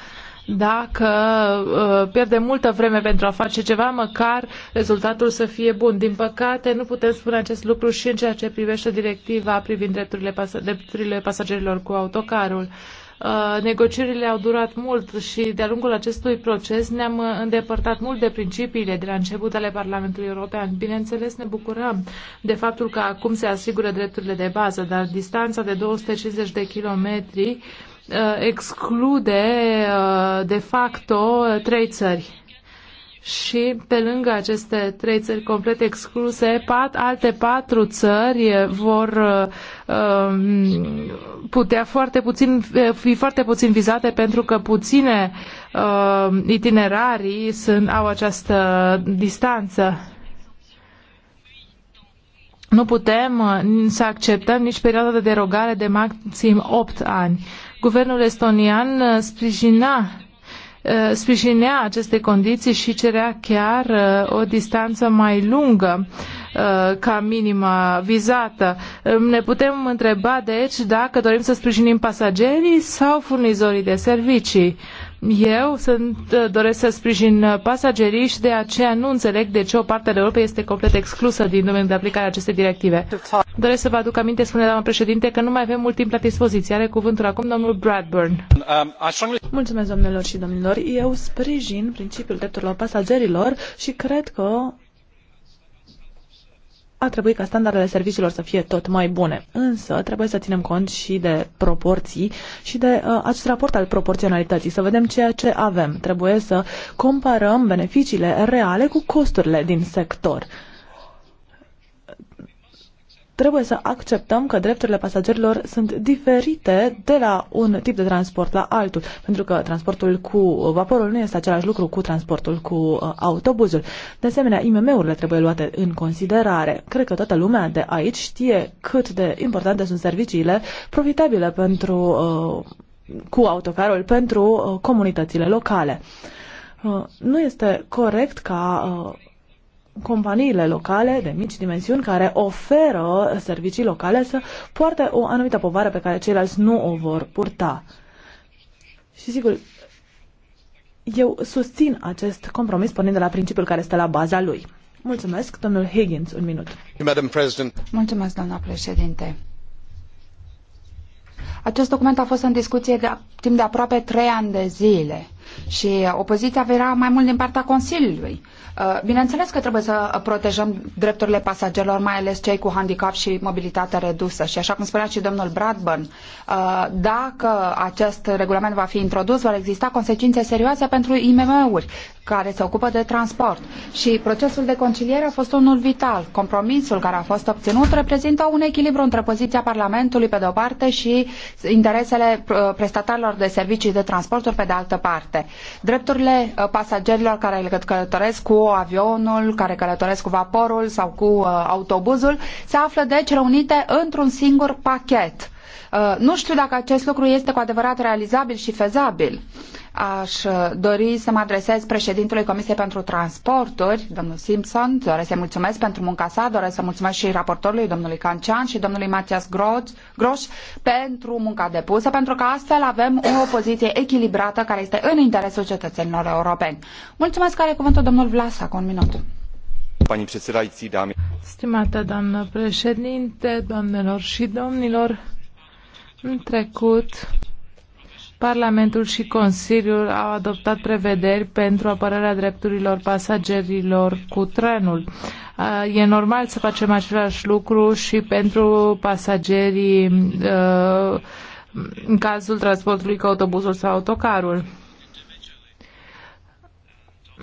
dacă uh, pierdem multă vreme pentru a face ceva, măcar rezultatul să fie bun. Din păcate, nu putem spune acest lucru și în ceea ce privește directiva privind drepturile, pas- drepturile pasagerilor cu autocarul uh, negocierile au durat mult și de-a lungul acestui proces ne-am îndepărtat mult de principiile de la început ale Parlamentului European. Bineînțeles, ne bucurăm de faptul că acum se asigură drepturile de bază, dar distanța de 250 de kilometri uh, Uh, exclude uh, de facto trei țări. Și pe lângă aceste trei țări complet excluse, pat, alte patru țări vor uh, um, putea foarte puțin, fi foarte puțin vizate pentru că puține itinerarii sunt, au această distanță. Nu putem să acceptăm nici perioada de derogare de maxim 8 ani. Guvernul estonian uh, sprijina uh, sprijinea aceste condiții și cerea chiar uh, o distanță mai lungă ca minimă vizată. Ne putem întreba, deci, dacă dorim să sprijinim pasagerii sau furnizorii de servicii. Eu sunt, uh, doresc să sprijin uh, pasagerii și de aceea nu înțeleg de ce o parte de Europa este complet exclusă din domeniul de aplicare a acestei directive. Doresc să vă aduc aminte, spune doamna președinte, că nu mai avem mult timp la dispoziție. Are cuvântul acum domnul Bradburn. Mulțumesc, domnilor și domnilor. Eu sprijin principiul drepturilor pasagerilor și cred că ar trebui ca standardele serviciilor să fie tot mai bune. Însă trebuie să ținem cont și de proporții și de uh, acest raport al proporționalității, să vedem ceea ce avem. Trebuie să comparăm beneficiile reale cu costurile din sector. Uh, trebuie să acceptăm că drepturile pasagerilor sunt diferite de la un tip de transport la altul, pentru că transportul cu vaporul nu este același lucru cu transportul cu uh, autobuzul. De asemenea, IMM-urile trebuie luate în considerare. Cred că toată lumea de aici știe cât de importante sunt serviciile profitabile pentru, uh, cu autocarul pentru uh, comunitățile locale. Nu este corect ca companiile locale de mici dimensiuni care oferă servicii locale să poarte o anumită povară pe care ceilalți nu o vor purta. Și sigur, eu susțin acest compromis pornind de la principiul care stă la baza lui. Mulțumesc, domnul Higgins, un minut. Mulțumesc, doamna președinte. Acest document a fost în discuție de, timp de aproape trei ani de zile și opoziția venea mai mult din partea Consiliului. Uh, bineînțeles că trebuie să protejăm drepturile pasagerilor, mai ales cei cu handicap și mobilitate redusă. Și așa cum spunea și domnul Bradburn, uh, dacă acest regulament va fi introdus, vor exista consecințe serioase pentru IMM-uri care se ocupă de transport și procesul de conciliere a fost unul vital. Compromisul care a fost obținut reprezintă un echilibru între poziția Parlamentului pe de o parte și interesele uh, prestatarilor de servicii de transporturi pe de altă parte. Drepturile uh, pasagerilor care călătoresc cu avionul, care călătoresc cu vaporul sau cu uh, autobuzul se află deci reunite într-un singur pachet. Nu știu dacă acest lucru este cu adevărat realizabil și fezabil Aș uh, dori să mă adresez președintelui Comisiei pentru Transporturi, domnul Simpson. Doresc să-i mulțumesc pentru munca sa, doresc să mulțumesc și raportorului, domnului Cancian și domnului Matias Groș, pentru munca depusă, pentru că astfel avem o poziție echilibrată care este în interesul cetățenilor europeni. Mulțumesc, care cuvântul domnul Vlasa. Cu un minut. Stimată doamnă președinte, doamnelor și domnilor, în trecut, Parlamentul și Consiliul au adoptat prevederi pentru apărarea drepturilor pasagerilor cu trenul. E normal să facem același lucru și pentru pasagerii în cazul transportului cu autobuzul sau autocarul.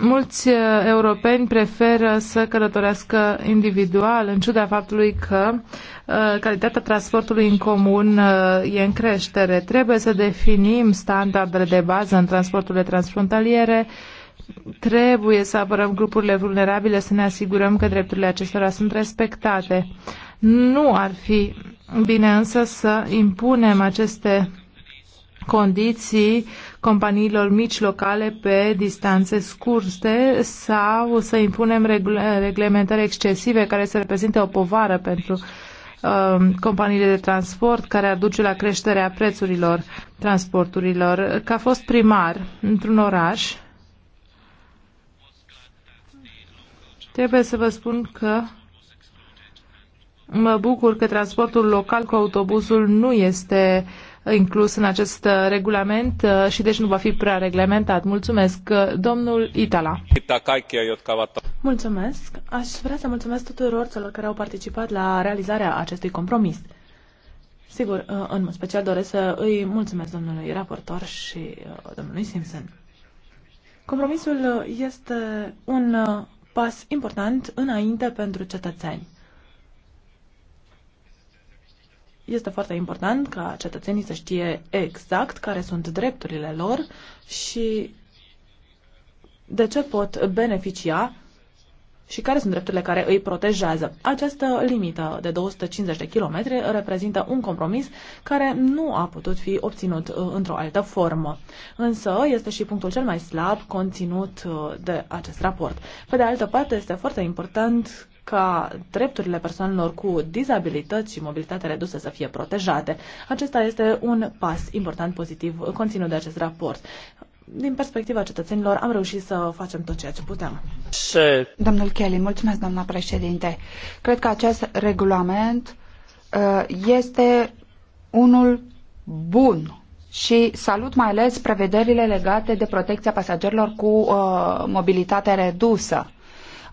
Mulți uh, europeni preferă să călătorească individual, în ciuda faptului că uh, calitatea transportului în comun uh, e în creștere. Trebuie să definim standardele de bază în transporturile transfrontaliere, trebuie să apărăm grupurile vulnerabile, să ne asigurăm că drepturile acestora sunt respectate. Nu ar fi bine însă să impunem aceste condiții companiilor mici locale pe distanțe scurte sau să impunem reglementări excesive care să reprezinte o povară pentru um, companiile de transport care ar duce la creșterea prețurilor transporturilor. Ca fost primar într-un oraș, trebuie să vă spun că mă bucur că transportul local cu autobuzul nu este uh, inclus în acest uh, regulament uh, și deci nu va fi prea reglementat. Mulțumesc, uh, domnul Itala. Mulțumesc. Aș vrea să mulțumesc tuturor celor care au participat la realizarea acestui compromis. Sigur, în mod special doresc să îi mulțumesc domnului raportor și domnului Simpson. Compromisul este un pas important înainte pentru cetățeni. este foarte important ca cetățenii să știe exact care sunt drepturile lor și de ce pot beneficia și care sunt drepturile care îi protejează. Această limită de 250 de km reprezintă un compromis care nu a putut fi obținut uh, într-o altă formă. Însă este și punctul cel mai slab conținut uh, de acest raport. Pe de altă parte, este foarte important ca drepturile persoanelor cu dizabilități și mobilitate redusă să fie protejate. Acesta este un pas important pozitiv conținut de acest raport. Din perspectiva cetățenilor, am reușit să facem tot ceea ce puteam. Domnul Kelly, mulțumesc, doamna președinte. Cred că acest regulament uh, este unul bun și salut mai ales prevederile legate de protecția pasagerilor cu uh, mobilitate redusă.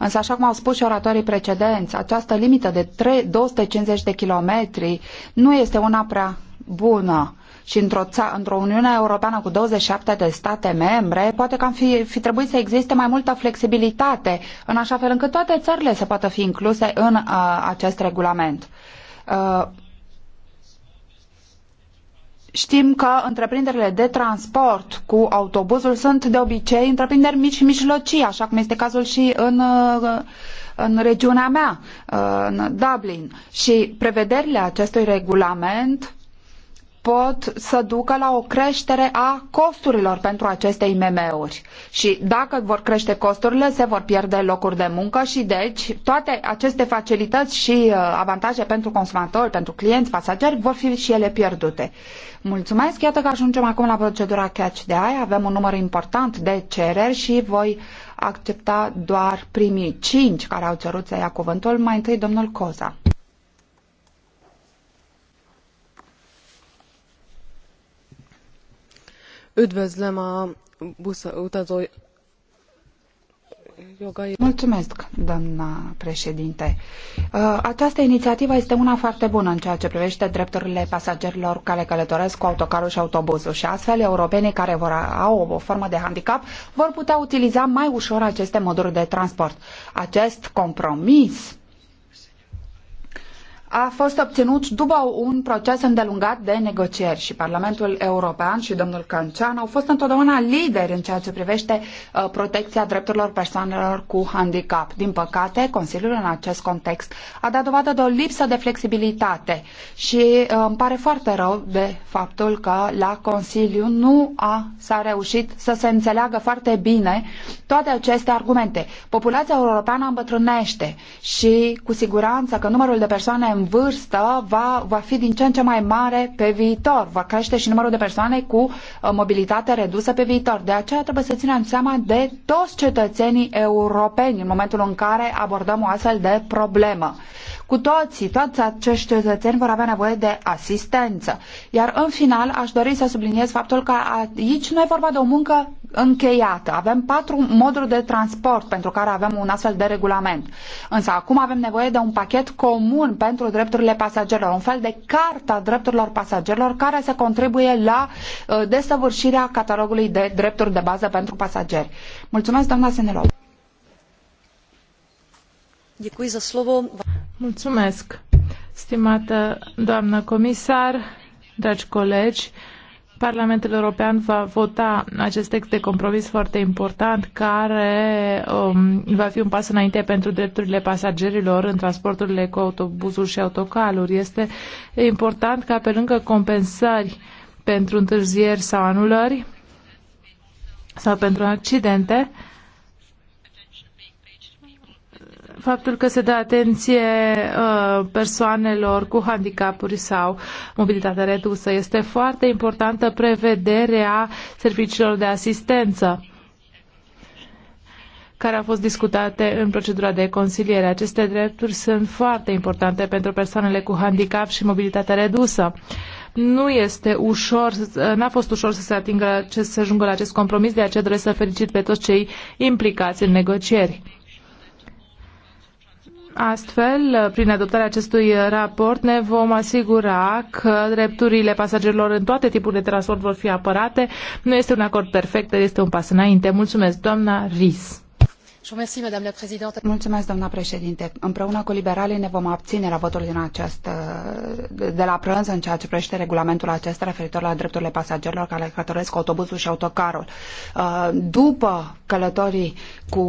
Însă, așa cum au spus și oratorii precedenți, această limită de 3, 250 de kilometri nu este una prea bună și într-o, într-o Uniune Europeană cu 27 de state membre, poate că am fi, fi trebuit să existe mai multă flexibilitate, în așa fel încât toate țările să poată fi incluse în uh, acest regulament. Uh, Știm că întreprinderile de transport cu autobuzul sunt de obicei întreprinderi mici și mijlocii, așa cum este cazul și în, în regiunea mea, în Dublin. Și prevederile acestui regulament pot să ducă la o creștere a costurilor pentru aceste IMM-uri. Și dacă vor crește costurile, se vor pierde locuri de muncă și deci toate aceste facilități și uh, avantaje pentru consumatori, pentru clienți, pasageri, vor fi și ele pierdute. Mulțumesc, iată că ajungem acum la procedura catch de aia. Avem un număr important de cereri și voi accepta doar primii cinci care au cerut să ia cuvântul. Mai întâi domnul Coza. Üdvözlöm a utazó Mulțumesc, doamna președinte. Uh, această inițiativă este una foarte bună în ceea ce privește drepturile pasagerilor care călătoresc cu autocarul și autobuzul și astfel europenii care vor au o formă de handicap vor putea utiliza mai ușor aceste moduri de transport. Acest compromis a fost obținut după un proces îndelungat de negocieri și Parlamentul European și domnul Cancean au fost întotdeauna lideri în ceea ce privește uh, protecția drepturilor persoanelor cu handicap. Din păcate, Consiliul în acest context a dat dovadă de o lipsă de flexibilitate și uh, îmi pare foarte rău de faptul că la Consiliu nu a, s-a reușit să se înțeleagă foarte bine toate aceste argumente. Populația europeană îmbătrânește și cu siguranță că numărul de persoane în vârstă va, va fi din ce în ce mai mare pe viitor. Va crește și numărul de persoane cu uh, mobilitate redusă pe viitor. De aceea trebuie să ținem seama de toți cetățenii europeni în momentul în care abordăm o astfel de problemă. Cu toții, toți acești cetățeni vor avea nevoie de asistență. Iar în final aș dori să subliniez faptul că aici nu e vorba de o muncă încheiată. Avem patru moduri de transport pentru care avem un astfel de regulament. Însă acum avem nevoie de un pachet comun pentru drepturile pasagerilor, un fel de carta drepturilor pasagerilor care să contribuie la uh, desăvârșirea catalogului de drepturi de bază pentru pasageri. Mulțumesc, doamna Senelov. Mulțumesc, stimată doamnă comisar, dragi colegi. Parlamentul European va vota acest text de compromis foarte important care um, va fi un pas înainte pentru drepturile pasagerilor în transporturile cu autobuzul și autocaluri. Este important ca pe lângă compensări pentru întârzieri sau anulări sau pentru accidente, uh, faptul că se dă atenție uh, persoanelor cu handicapuri sau mobilitate redusă. Este foarte importantă prevederea serviciilor de asistență care au fost discutate în procedura de consiliere. Aceste drepturi sunt foarte importante pentru persoanele cu handicap și mobilitate redusă. Nu este ușor, n-a fost ușor să se atingă, să ajungă la acest compromis, de aceea doresc să felicit pe toți cei implicați în negocieri. Astfel, prin adoptarea acestui raport, ne vom asigura că drepturile pasagerilor în toate tipurile de transport vor fi apărate. Nu este un acord perfect, dar este un pas înainte. Mulțumesc, doamna Ris. Mulțumesc, doamna președinte. Împreună cu liberalii ne vom abține la votul din acest, de la prânz în ceea ce privește regulamentul acesta referitor la drepturile pasagerilor care călătoresc autobuzul și autocarul. După călătorii cu,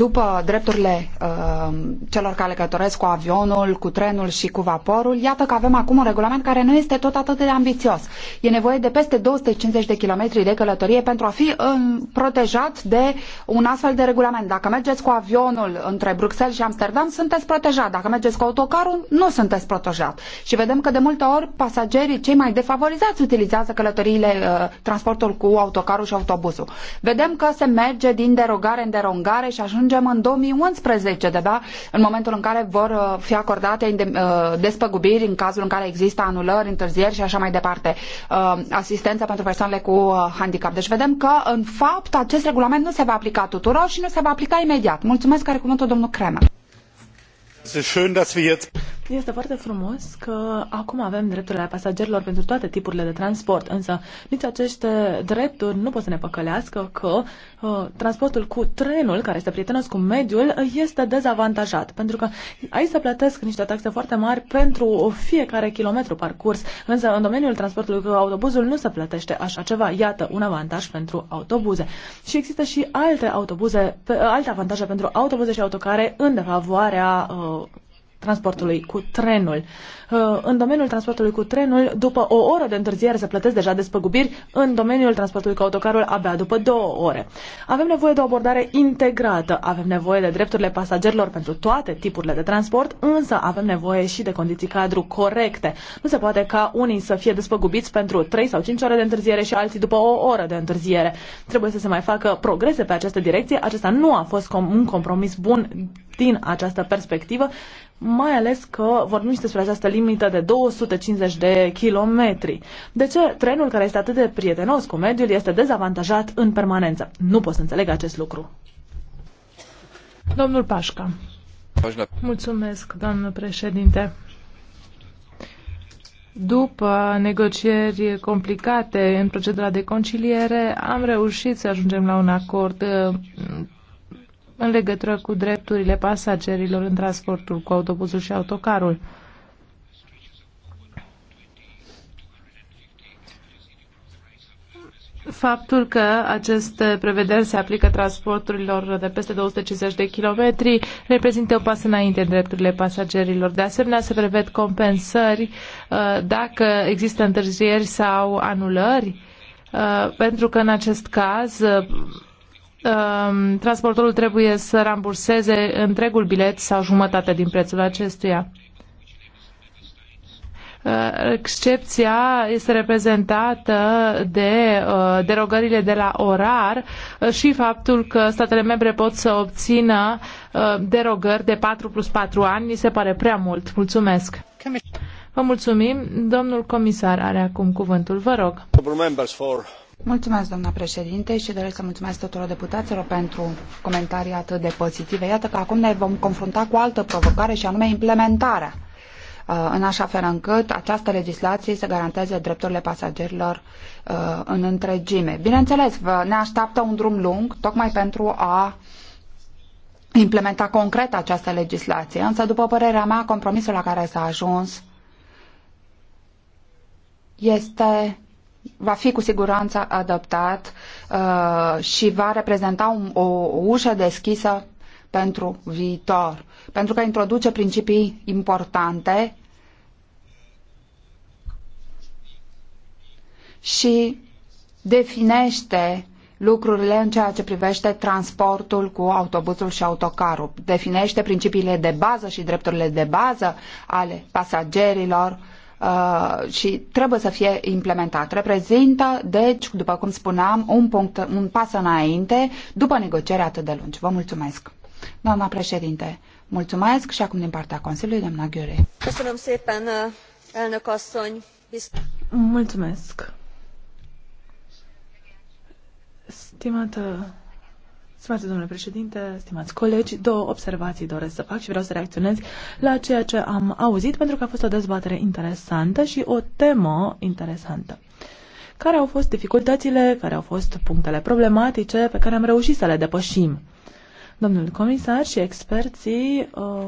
după drepturile uh, celor care călătoresc cu avionul, cu trenul și cu vaporul, iată că avem acum un regulament care nu este tot atât de ambițios. E nevoie de peste 250 de kilometri de călătorie pentru a fi uh, protejat de un astfel de regulament. Dacă mergeți cu avionul între Bruxelles și Amsterdam, sunteți protejat. Dacă mergeți cu autocarul, nu sunteți protejat. Și vedem că de multe ori pasagerii cei mai defavorizați utilizează călătoriile, uh, transportul cu autocarul și autobuzul. Vedem că se merge din derogare în derogare și ajungem în 2011, de da, în momentul în care vor uh, fi acordate uh, despăgubiri în cazul în care există anulări, întârzieri și așa mai departe, uh, asistența pentru persoanele cu handicap. Deci vedem că, în fapt, acest regulament nu se va aplica tuturor și nu se va aplica imediat. Mulțumesc, care cuvântul domnul Kremer. Este foarte frumos că acum avem drepturile pasagerilor pentru toate tipurile de transport, însă nici aceste drepturi nu pot să ne păcălească că uh, transportul cu trenul, care este prietenos cu mediul, este dezavantajat, pentru că aici se plătesc niște taxe foarte mari pentru fiecare kilometru parcurs, însă în domeniul transportului cu autobuzul nu se plătește așa ceva. Iată, un avantaj pentru autobuze. Și există și alte autobuze, alte avantaje pentru autobuze și autocare în defavoarea uh, transportului cu trenul. Uh, în domeniul transportului cu trenul, după o oră de întârziere se plătesc deja despăgubiri, în domeniul transportului cu autocarul abia după două ore. Avem nevoie de o abordare integrată, avem nevoie de drepturile pasagerilor pentru toate tipurile de transport, însă avem nevoie și de condiții cadru corecte. Nu se poate ca unii să fie despăgubiți pentru 3 sau 5 ore de întârziere și alții după o oră de întârziere. Trebuie să se mai facă progrese pe această direcție. Acesta nu a fost un compromis bun din această perspectivă mai ales că vorbim și despre această limită de 250 de kilometri. De ce trenul care este atât de prietenos cu mediul este dezavantajat în permanență? Nu pot să înțeleg acest lucru. Domnul Pașca. Mulțumesc, domnul președinte. După negocieri complicate în procedura de conciliere, am reușit să ajungem la un acord în legătură cu drepturile pasagerilor în transportul cu autobuzul și autocarul. Faptul că aceste prevederi se aplică transporturilor de peste 250 de kilometri reprezintă o pas înainte în drepturile pasagerilor. De asemenea, se preved compensări uh, dacă există întârzieri sau anulări, uh, pentru că în acest caz uh, Um, transportorul trebuie să ramburseze întregul bilet sau jumătate din prețul acestuia. Uh, excepția este reprezentată de uh, derogările de la orar uh, și faptul că statele membre pot să obțină derogări de 4 plus 4 ani. Mi se pare prea mult. Mulțumesc! Vă mulțumim. Domnul comisar are acum cuvântul. Vă rog. Mulțumesc, doamna președinte, și doresc să mulțumesc tuturor deputaților pentru comentarii atât de pozitive. Iată că acum ne vom confrunta cu o altă provocare și anume implementarea, uh, în așa fel încât această legislație să garanteze drepturile pasagerilor uh, în întregime. Bineînțeles, ne așteaptă un drum lung, tocmai pentru a implementa concret această legislație, însă, după părerea mea, compromisul la care s-a ajuns este va fi cu siguranță adoptat uh, și va reprezenta o, o ușă deschisă pentru viitor, pentru că introduce principii importante și definește lucrurile în ceea ce privește transportul cu autobuzul și autocarul. Definește principiile de bază și drepturile de bază ale pasagerilor Uh, și trebuie să fie implementat. Reprezintă, deci, după cum spuneam, un, punct, un pas înainte după negocieri atât de lungi. Vă mulțumesc. Doamna președinte, mulțumesc și acum din partea Consiliului, doamna Ghiure. Mulțumesc. Stimată Stimați domnule președinte, stimați colegi, două observații doresc să fac și vreau să reacționez la ceea ce am auzit, pentru că a fost o dezbatere interesantă și o temă interesantă. Care au fost dificultățile, care au fost punctele problematice pe care am reușit să le depășim? Domnul comisar și experții uh,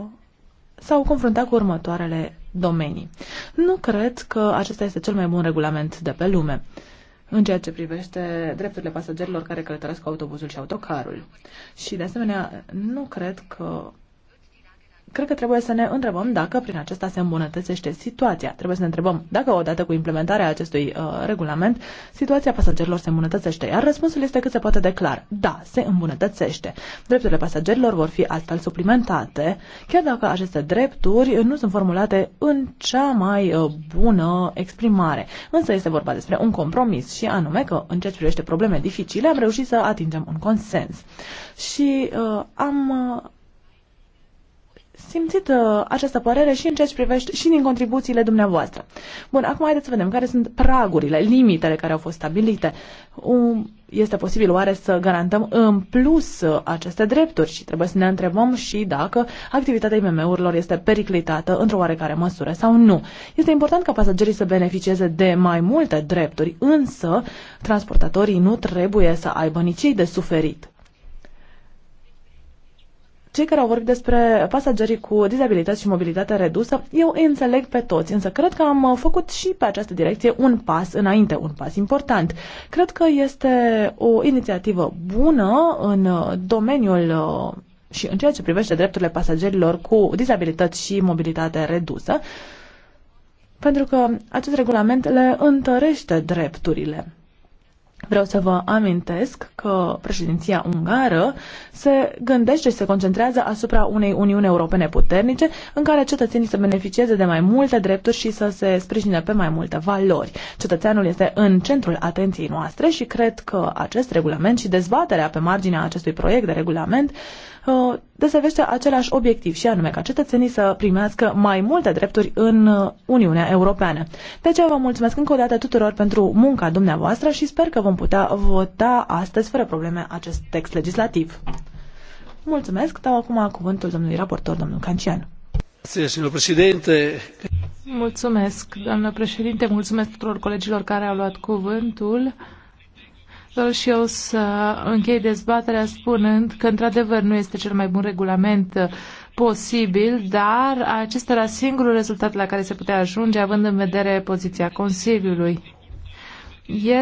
s-au confruntat cu următoarele domenii. Nu cred că acesta este cel mai bun regulament de pe lume. Uh, în ceea ce privește drepturile pasagerilor care călătoresc cu autobuzul și autocarul. Și, de asemenea, nu cred că cred că trebuie să ne întrebăm dacă prin acesta se îmbunătățește situația. Trebuie să ne întrebăm dacă odată cu implementarea acestui uh, regulament situația pasagerilor se îmbunătățește. Iar răspunsul este cât se poate declar. Da, se îmbunătățește. Drepturile pasagerilor vor fi astfel suplimentate, chiar dacă aceste drepturi nu sunt formulate în cea mai uh, bună exprimare. Însă este vorba despre un compromis și anume că în ceea ce privește probleme dificile am reușit să atingem un consens. Și uh, am uh, simțit uh, această părere și în ceea ce privește și din contribuțiile dumneavoastră. Bun, acum haideți să vedem care sunt pragurile, limitele care au fost stabilite. Um, este posibil oare să garantăm în plus uh, aceste drepturi și trebuie să ne întrebăm și dacă activitatea IMM-urilor este periclitată într-o oarecare măsură sau nu. Este important ca pasagerii să beneficieze de mai multe drepturi, însă transportatorii nu trebuie să aibă nici ei de suferit cei care au vorbit despre pasagerii cu dizabilități și mobilitate redusă, eu îi înțeleg pe toți, însă cred că am făcut și pe această direcție un pas înainte, un pas important. Cred că este o inițiativă bună în domeniul uh, și în ceea ce privește drepturile pasagerilor cu dizabilități și mobilitate redusă, pentru că acest regulament le întărește drepturile. Vreau să vă amintesc că președinția ungară se gândește și se concentrează asupra unei Uniuni Europene puternice în care cetățenii să beneficieze de mai multe drepturi și să se sprijine pe mai multe valori. Cetățeanul este în centrul atenției noastre și cred că acest regulament și dezbaterea pe marginea acestui proiect de regulament uh, deservește același obiectiv și anume ca cetățenii să primească mai multe drepturi în uh, Uniunea Europeană. De aceea vă mulțumesc încă o dată tuturor pentru munca dumneavoastră și sper că vom putea vota astăzi fără probleme acest text legislativ. Mulțumesc, dau acum cuvântul domnului raportor, domnul Cancian. Mulțumesc, doamnă președinte, mulțumesc tuturor colegilor care au luat cuvântul și eu să închei dezbaterea spunând că, într-adevăr, nu este cel mai bun regulament uh, posibil, dar acesta era singurul rezultat la care se putea ajunge, având în vedere poziția Consiliului.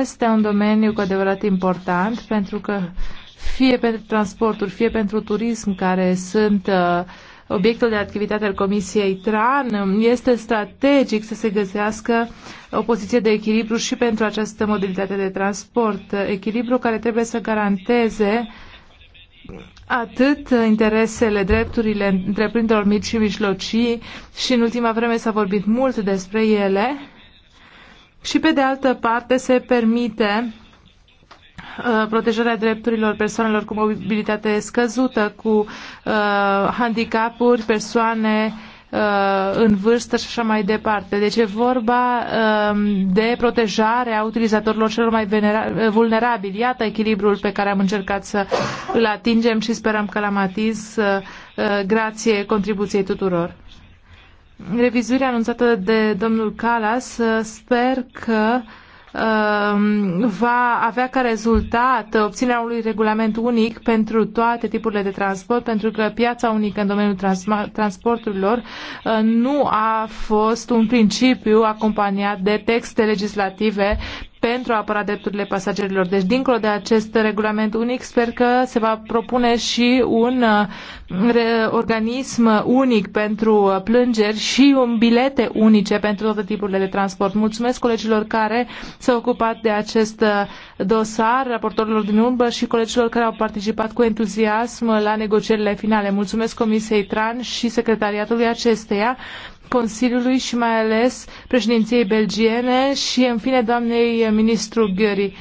Este un domeniu cu adevărat important, pentru că fie pentru transporturi, fie pentru turism, care sunt uh, obiectul de activitate al Comisiei TRAN, este strategic să se găsească o poziție de echilibru și pentru această modalitate de transport. Echilibru care trebuie să garanteze atât interesele, drepturile întreprinderilor mici și mijlocii și în ultima vreme s-a vorbit mult despre ele și pe de altă parte se permite Uh, protejarea drepturilor persoanelor cu mobilitate scăzută, cu uh, handicapuri, persoane uh, în vârstă și așa mai departe. Deci e vorba um, de protejarea utilizatorilor celor mai vulnerabili. Iată echilibrul pe care am încercat să îl atingem și sperăm că l-am atins grație contribuției tuturor. Revizuirea anunțată de domnul Calas sper că uh, Um, va avea ca rezultat obținerea unui regulament unic pentru toate tipurile de transport, pentru că piața unică în domeniul trans transporturilor uh, nu a fost un principiu acompaniat de texte legislative pentru a apăra drepturile pasagerilor. Deci, dincolo de acest regulament unic, sper că se va propune și un uh, organism unic pentru uh, plângeri și un bilete unice pentru toate tipurile de transport. Mulțumesc colegilor care s-au ocupat de acest uh, dosar, raportorilor din urmă și colegilor care au participat cu entuziasm la negocierile finale. Mulțumesc Comisiei Tran și secretariatului acesteia Consiliului și mai ales președinției belgiene și, în fine, doamnei ministru Gheri.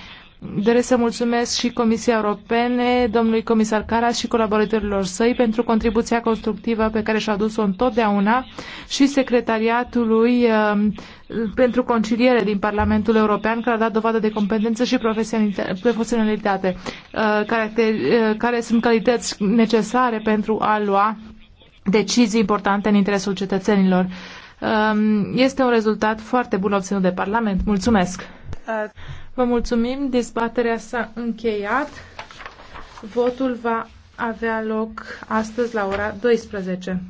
Doresc să mulțumesc și Comisiei Europene, domnului comisar Caras și colaboratorilor săi pentru contribuția constructivă pe care și-a adus o întotdeauna și secretariatului um, pentru conciliere din Parlamentul European, care a dat dovadă de competență și profesionalitate, uh, uh, care sunt calități necesare pentru a lua decizii importante în interesul cetățenilor. Um, este un rezultat foarte bun obținut de Parlament. Mulțumesc! Vă mulțumim, dezbaterea s-a încheiat. Votul va avea loc astăzi la ora 12.